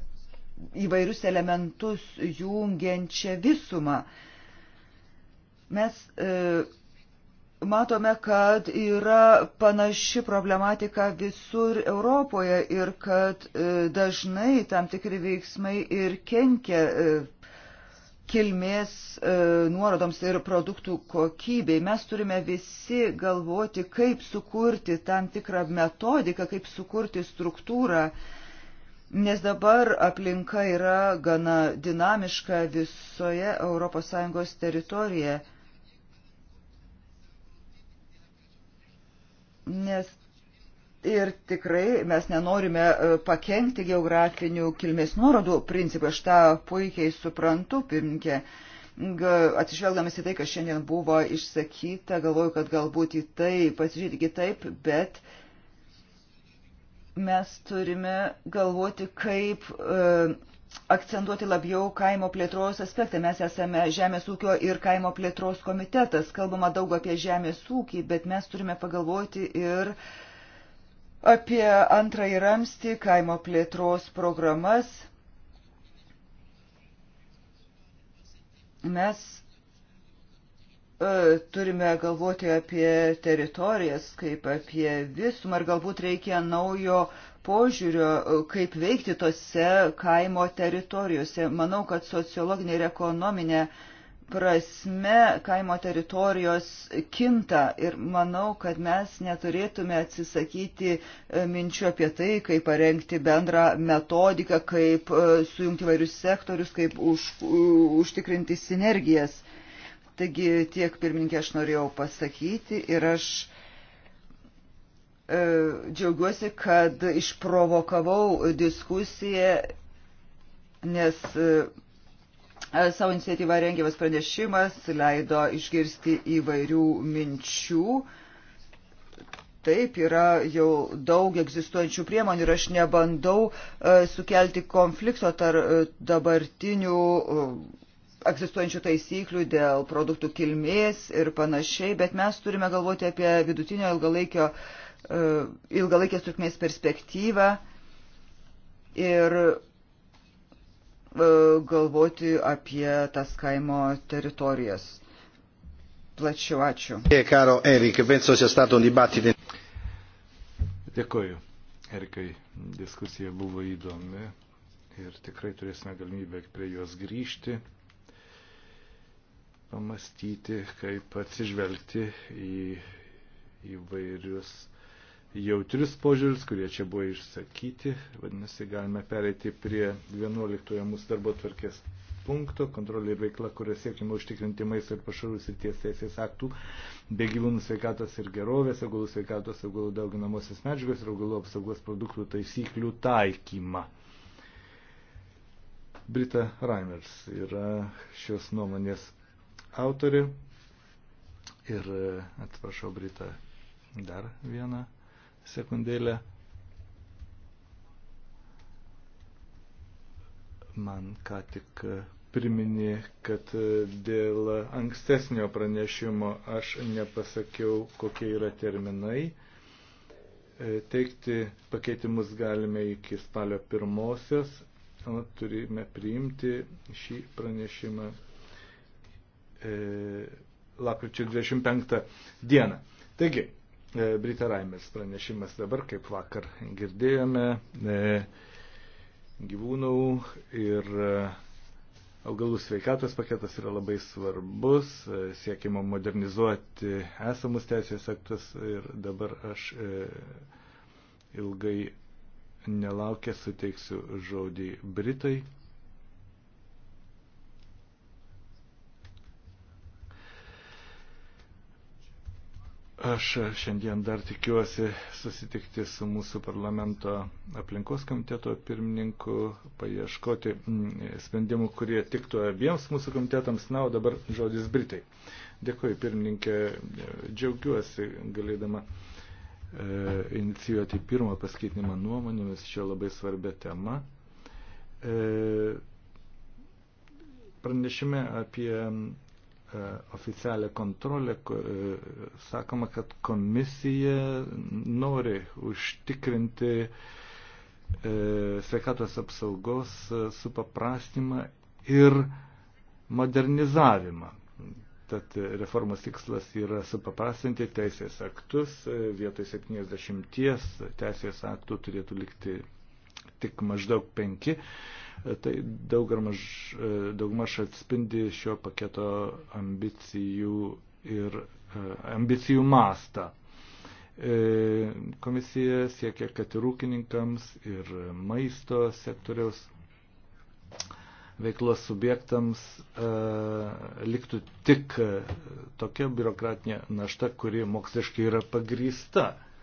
įvairius elementus jungiančią visumą. Mes e, matome, kad yra panaši problematika visur Europoje ir kad e, dažnai tam tikri veiksmai ir kenkia e, kilmės e, nuorodoms ir produktų kokybei. Mes turime visi galvoti, kaip sukurti tam tikrą metodiką, kaip sukurti struktūrą, nes dabar aplinka yra gana dinamiška visoje ES teritorijoje nes ir tikrai mes nenorime e, pakengti geografinių kilmės nuorodų principą, aš tą puikiai suprantu, pirmininkė. Atsižvelgdamas į tai, kas šiandien buvo išsakyta, galvoju, kad galbūt į tai pasižiūrėti kitaip, bet mes turime galvoti, kaip uh, akcentuoti labiau kaimo plėtros aspektą. Mes esame Žemės ūkio ir kaimo plėtros komitetas. Kalbama daug apie žemės ūkį, bet mes turime pagalvoti ir apie antrąjį ramstį kaimo plėtros programas. Mes e, turime galvoti apie teritorijas, kaip apie visumą, ar galbūt reikia naujo požiūrio, e, kaip veikti tose kaimo teritorijose. Manau, kad sociologinė ir ekonominė prasme kaimo teritorijos kinta ir manau, kad mes neturėtume atsisakyti e, minčių apie tai, kaip parengti bendrą metodiką, kaip e, sujungti vairius sektorius, kaip už, užtikrinti sinergijas. Taigi tiek pirmininkė aš norėjau pasakyti ir aš E, džiaugiuosi, kad išprovokavau diskusiją, nes e, e, savo iniciatyvą rengiamas pranešimas leido išgirsti įvairių minčių. Taip, yra jau daug egzistuojančių priemonių ir aš nebandau sukelti konflikto tarp dabartinių egzistuojančių taisyklių dėl produktų kilmės ir panašiai, bet mes turime galvoti apie vidutinio ilgalaikio uh, E, ilgalaikės trukmės perspektyvą ir e, galvoti apie tas kaimo teritorijas. Plačiau ačiū. E, Dėkuoju. Erikai, diskusija buvo įdomi ir tikrai turėsime galimybę prie jos grįžti, pamastyti, kaip atsižvelgti į įvairius jautrius požiūris, kurie čia buvo išsakyti. Vadinasi, galime pereiti prie 11 mūsų darbo tvarkės punkto, kontrolė ir veikla, kuria siekime užtikrinti maisto ir pašarų srities teisės aktų, be gyvūnų sveikatos ir gerovės, augalų sveikatos, augalų dauginamosios medžiagos ir augalų apsaugos produktų taisyklių taikymą. Brita Reimers yra šios nuomonės autori ir e, atsiprašau Brita dar vieną sekundėlę. Man ką tik priminė, kad dėl ankstesnio pranešimo aš nepasakiau, kokie yra terminai. Teikti pakeitimus galime iki spalio pirmosios, o turime priimti šį pranešimą e, lapkričio 25 dieną. Taigi, E, Brita Raimers pranešimas dabar, kaip vakar girdėjome, e, gyvūnų ir e, augalų sveikatos paketas yra labai svarbus, siekima modernizuoti esamus teisės aktus ir dabar aš ilgai nelaukia suteiksiu žodį Britai. Aš šiandien dar tikiuosi susitikti su mūsų parlamento aplinkos komiteto pirmininku, paieškoti mm, sprendimų, kurie tiktų abiems mūsų komitetams. Na, o dabar žodis Britai. Dėkuoju, pirmininkė, džiaugiuosi galėdama e, inicijuoti pirmą paskaitinimą nuomonėmis šio labai svarbia tema. E, pranešime apie E, oficialią kontrolę, e, sakoma, kad komisija nori užtikrinti e, sveikatos apsaugos supaprastimą ir modernizavimą. Tad reformos tikslas yra supaprastinti teisės aktus, vietoj 70 teisės aktų turėtų likti tik maždaug penki. Tai daug maž, e, daugmaž atspindi šio paketo ambicijų ir e, ambicijų mastą. E, komisija siekia, kad ir ūkininkams, ir maisto sektoriaus veiklos subjektams e, liktų tik tokia biurokratinė našta, kuri moksliškai yra pagrįsta. E,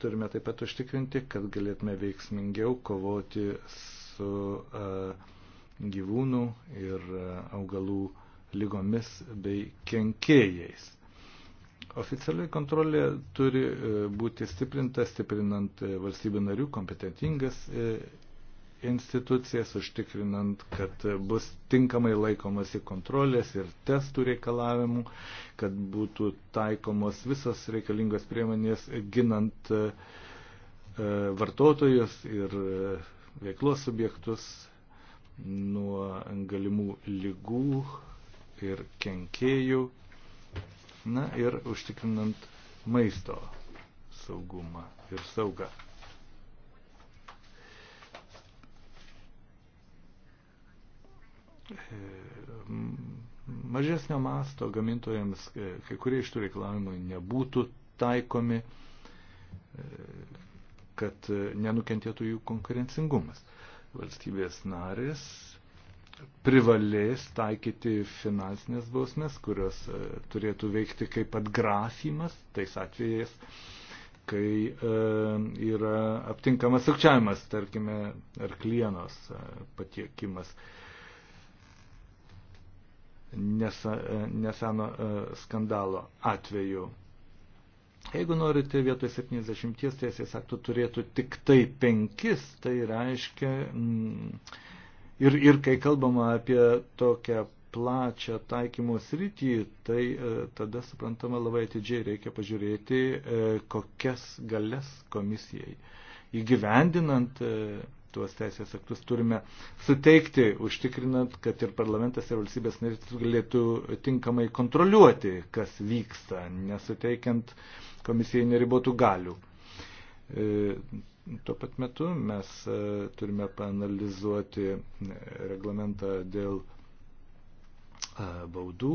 turime taip pat užtikrinti, kad galėtume veiksmingiau kovoti su gyvūnų ir augalų lygomis bei kenkėjais. Oficialiai kontrolė turi e, būti stiprinta, stiprinant e, valstybių narių kompetentingas e, institucijas, užtikrinant, kad bus tinkamai laikomasi kontrolės ir testų reikalavimų, kad būtų taikomos visas reikalingos priemonės ginant e, vartotojus ir e, veiklos subjektus nuo galimų lygų ir kenkėjų, na ir užtikrinant maisto saugumą ir saugą. mažesnio masto gamintojams e, kai kurie iš tų reikalavimų nebūtų taikomi, e, kad e, nenukentėtų jų konkurencingumas. Valstybės narės privalės taikyti finansinės bausmės, kurios turėtų veikti kaip atgrafimas tais atvejais, kai e, yra aptinkamas sukčiavimas, tarkime, arklienos patiekimas. E, nesa, e, nesano e, skandalo atveju. Jeigu norite vietoj 70 teisės aktų turėtų tik tai 5, tai reiškia mm, ir, ir kai kalbama apie tokią plačią taikymo sritį, tai e, tada suprantama labai atidžiai reikia pažiūrėti, kokias galės komisijai įgyvendinant tuos teisės aktus turime suteikti, užtikrinant, kad ir parlamentas ir valstybės narys galėtų tinkamai kontroliuoti, kas vyksta, nesuteikiant komisijai neribotų galių. E, tuo pat metu mes e, turime panalizuoti reglamentą dėl e, baudų,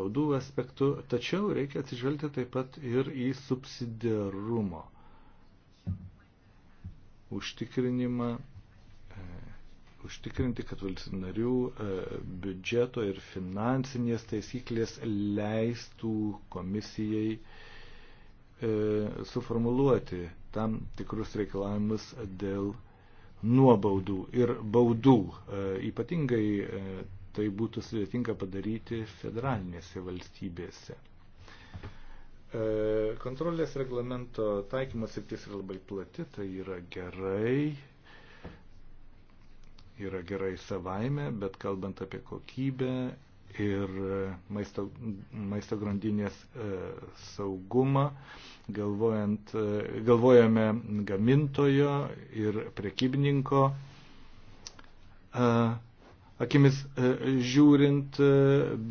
baudų aspektų, tačiau reikia atsižvelgti taip pat ir į subsidiarumo užtikrinimą, e, užtikrinti, kad valstybinarių e, biudžeto ir finansinės taisyklės leistų komisijai e, suformuluoti tam tikrus reikalavimus dėl nuobaudų ir baudų. Ypatingai tai būtų sudėtinga padaryti federalinėse valstybėse. E, Kontrolės reglamento taikymas sritis yra labai plati, tai yra gerai, yra gerai savaime, bet kalbant apie kokybę ir maisto, maisto grandinės e, saugumą, galvojant, e, galvojame gamintojo ir prekybininko e, akimis e, žiūrint, e,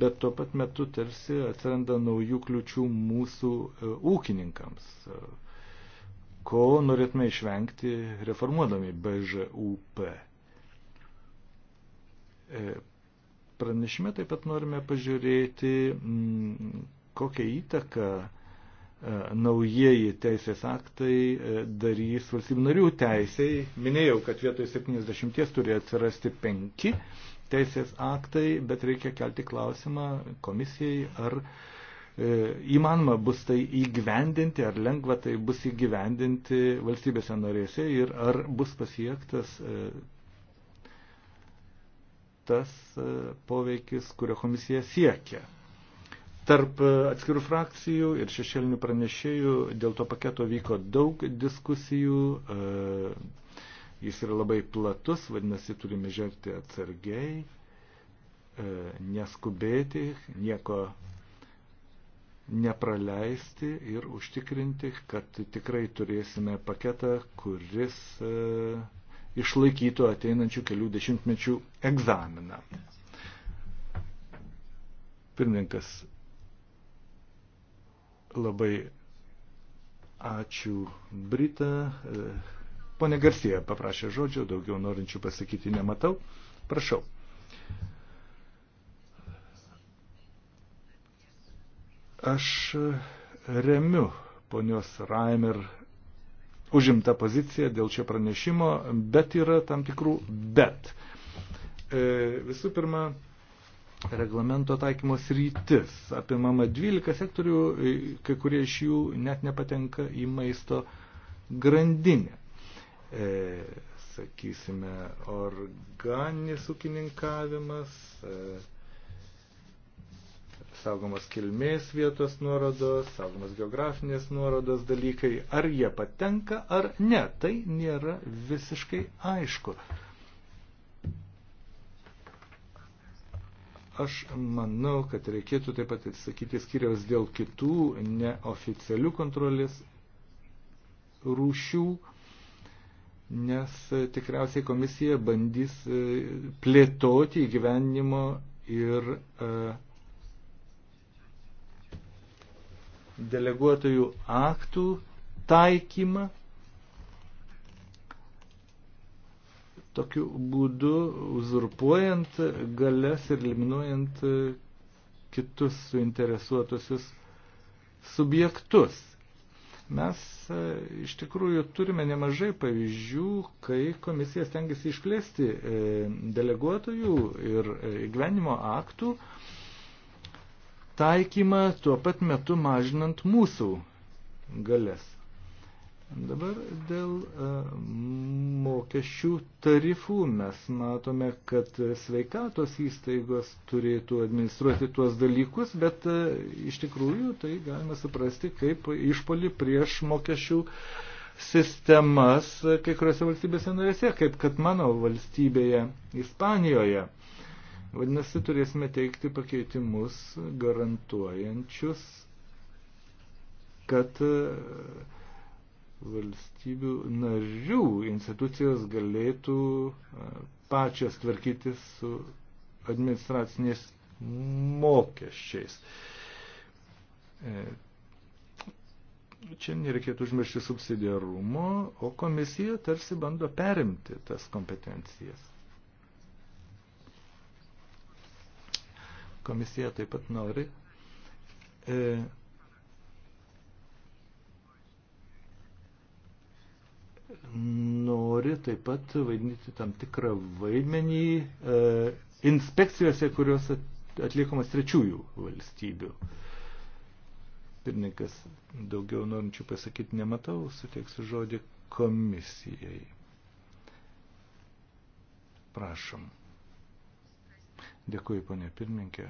bet tuo pat metu tarsi atsiranda naujų kliučių mūsų e, ūkininkams. Ko norėtume išvengti reformuodami BŽUP? Pranešime taip pat norime pažiūrėti, kokią įtaką naujieji teisės aktai darys valstybių narių teisiai. Minėjau, kad vietoj 70 turi atsirasti 5 teisės aktai, bet reikia kelti klausimą komisijai, ar e, įmanoma bus tai įgyvendinti, ar lengva tai bus įgyvendinti valstybėse norėse ir ar bus pasiektas e, tas e, poveikis, kurio komisija siekia. Tarp atskirų frakcijų ir šešėlinių pranešėjų dėl to paketo vyko daug diskusijų, Jis yra labai platus, vadinasi, turime žerti atsargiai, e, neskubėti, nieko nepraleisti ir užtikrinti, kad tikrai turėsime paketą, kuris e, išlaikytų ateinančių kelių dešimtmečių egzaminą. Pirmininkas, labai ačiū Brita. E, Pone Garcija paprašė žodžio, daugiau norinčių pasakyti nematau. Prašau. Aš e, remiu ponios Raimer užimtą poziciją dėl šio pranešimo, bet yra tam tikrų bet. E, visų pirma, reglamento taikymos rytis. Apimama 12 sektorių, e, kai kurie iš jų net nepatenka į maisto grandinę e, sakysime, organinis ūkininkavimas, e, saugomas kilmės vietos nuorodos, saugomas geografinės nuorodos dalykai, ar jie patenka ar ne, tai nėra visiškai aišku. Aš manau, kad reikėtų taip pat atsakyti skiriaus dėl kitų neoficialių kontrolės rūšių nes e, tikriausiai komisija bandys e, plėtoti įgyvenimo ir e, deleguotojų aktų taikymą. Tokiu būdu uzurpuojant galės ir eliminuojant kitus suinteresuotusius subjektus. Mes e, iš tikrųjų turime nemažai pavyzdžių, kai komisija stengiasi išplėsti e, deleguotojų ir e, gyvenimo aktų taikymą tuo pat metu mažinant mūsų galės. Dabar dėl e, mokesčių tarifų mes matome, kad sveikatos įstaigos turėtų administruoti tuos dalykus, bet e, iš tikrųjų tai galima suprasti kaip išpolį prieš mokesčių sistemas kai kuriuose valstybėse norėse, kaip kad mano valstybėje Ispanijoje. Vadinasi, turėsime teikti pakeitimus garantuojančius, kad uh, valstybių narių institucijos galėtų e, pačios tvarkytis su administraciniais mokesčiais. E, čia nereikėtų užmiršti subsidiarumo, o komisija tarsi bando perimti tas kompetencijas. Komisija taip pat nori e, nori taip pat vaidinti tam tikrą vaidmenį e, inspekcijose, kurios atliekamas trečiųjų valstybių. Pirmininkas, daugiau norinčių pasakyti nematau, suteiksiu žodį komisijai. Prašom. Dėkuoju, ponė pirmininkė.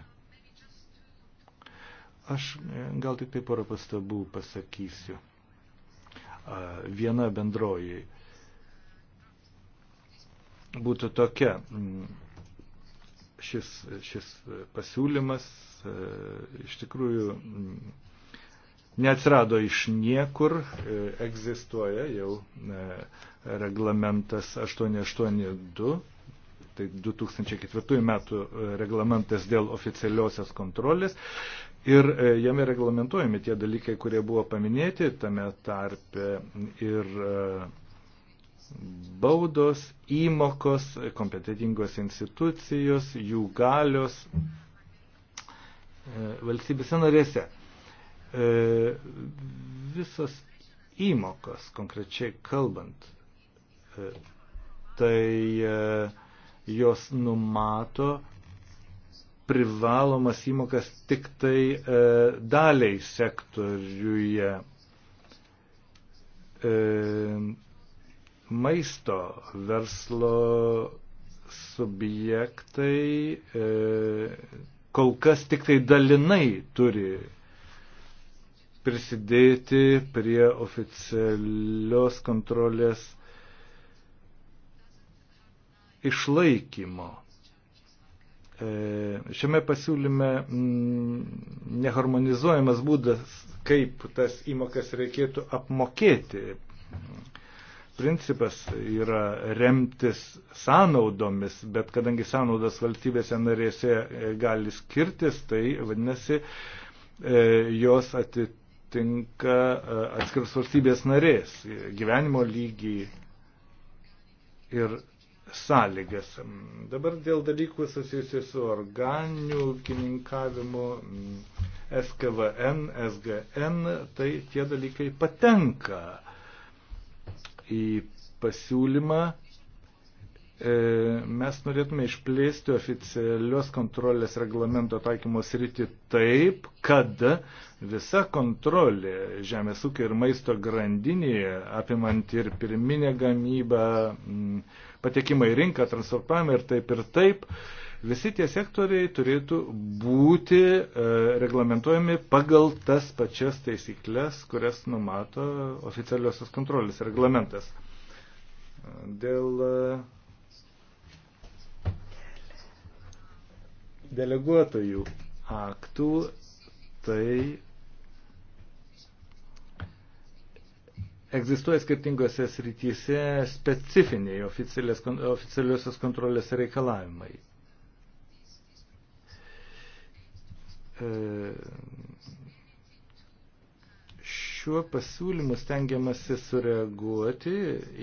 Aš e, gal tik tai porą pastabų pasakysiu viena bendroji būtų tokia. Mm, šis, šis pasiūlymas e, iš tikrųjų mm, neatsirado iš niekur, e, egzistuoja jau e, reglamentas 882 tai 2004 metų reglamentas dėl oficialiosios kontrolės. Ir e, jame reglamentuojami tie dalykai, kurie buvo paminėti, tame tarpe ir e, baudos, įmokos, kompetitingos institucijos, jų galios e, valstybėse narėse. Visos įmokos, konkrečiai kalbant, tai jos numato privalomas įmokas tik tai e, daliai sektoriuje. E, maisto verslo subjektai e, kol kas tik tai dalinai turi prisidėti prie oficialios kontrolės išlaikymo. E, šiame pasiūlyme mm, neharmonizuojamas būdas, kaip tas įmokas reikėtų apmokėti. Principas yra remtis sąnaudomis, bet kadangi sąnaudas valstybėse narėse e, gali skirtis, tai vadinasi, e, jos atitinka atskirs valstybės narės gyvenimo lygį ir sąlygas. Mm, dabar dėl dalykų susijusių su organiniu ūkininkavimu, mm, SKVN, SGN, tai tie dalykai patenka į pasiūlymą E, mes norėtume išplėsti oficialios kontrolės reglamento taikymo sritį taip, kad visa kontrolė žemės ūkio ir maisto grandinėje, apimant ir pirminę gamybą, patekimą į rinką, transportavimą ir taip ir taip, visi tie sektoriai turėtų būti e, reglamentojami pagal tas pačias taisyklės, kurias numato oficialiosios kontrolės reglamentas. Dėl deleguotojų aktų, tai egzistuoja skirtingose srityse specifiniai oficialiosios kontrolės reikalavimai. E, šiuo pasiūlymu stengiamasi sureaguoti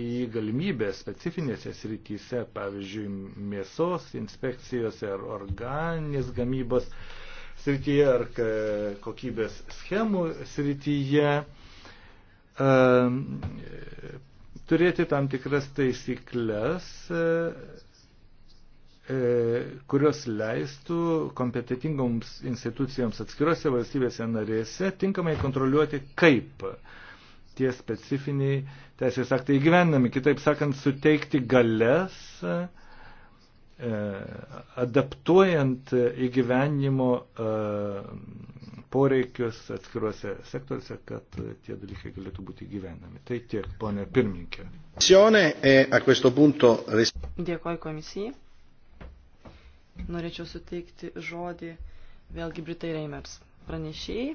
į galimybę specifinėse srityse, pavyzdžiui, mėsos inspekcijose ar organinės gamybos srityje ar kokybės schemų srityje ehm, turėti tam tikras taisyklės E, kurios leistų kompetitingoms institucijoms atskirose valstybėse narėse tinkamai kontroliuoti, kaip tie specifiniai teisės aktai įgyvendami, kitaip sakant, suteikti galės e, adaptuojant įgyvenimo e, poreikius atskiruose sektoriuose, kad tie dalykai galėtų būti gyvenami. Tai tiek, ponė pirmininkė. Dėkoju komisijai norėčiau suteikti žodį vėlgi Britai Reimers pranešėjai.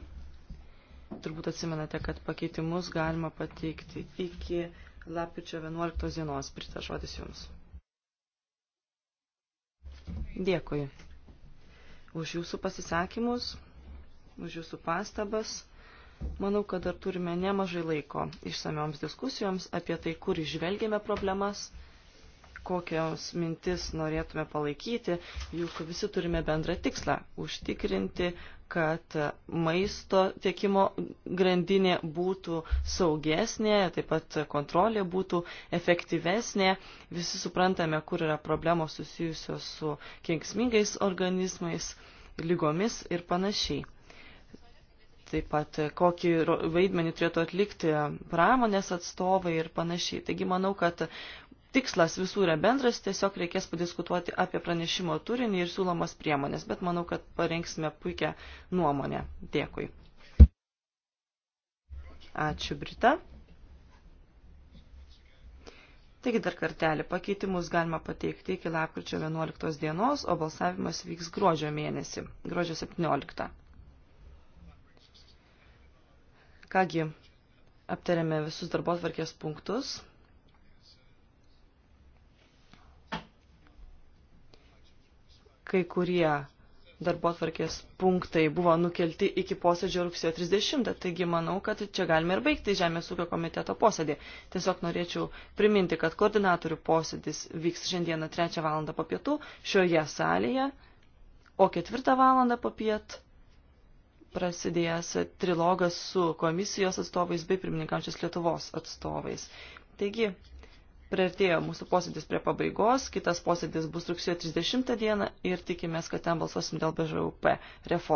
Turbūt atsimenate, kad pakeitimus galima pateikti iki lapkričio 11 dienos. Brita, žodis jums. Dėkui už jūsų pasisakymus, už jūsų pastabas. Manau, kad dar turime nemažai laiko išsamioms diskusijoms apie tai, kur išvelgėme problemas kokios mintis norėtume palaikyti, juk visi turime bendrą tikslą - užtikrinti, kad maisto tiekimo grandinė būtų saugesnė, taip pat kontrolė būtų efektyvesnė. Visi suprantame, kur yra problemos susijusios su kenksmingais organizmais, lygomis ir panašiai. Taip pat kokį vaidmenį turėtų atlikti pramonės atstovai ir panašiai. Taigi manau, kad tikslas visų yra bendras, tiesiog reikės padiskutuoti apie pranešimo turinį ir siūlomas priemonės, bet manau, kad parengsime puikią nuomonę. Dėkui. Ačiū, Brita. Taigi dar kartelį pakeitimus galima pateikti iki lapkričio 11 dienos, o balsavimas vyks gruodžio mėnesį, gruodžio 17. Kągi, aptarėme visus darbotvarkės punktus. kai kurie darbo atvarkės punktai buvo nukelti iki posėdžio rugsėjo 30, taigi manau, kad čia galime ir baigti Žemės ūkio komiteto posėdį. Tiesiog norėčiau priminti, kad koordinatorių posėdis vyks šiandieną 3 val. po pietų šioje salėje, o 4 val. po piet prasidėjęs trilogas su komisijos atstovais bei pirmininkančios Lietuvos atstovais. Taigi, Prieartėjo mūsų posėdis prie pabaigos, kitas posėdis bus rugsėjo 30 dieną ir tikimės, kad ten balsuosim dėl BŽUP reformos.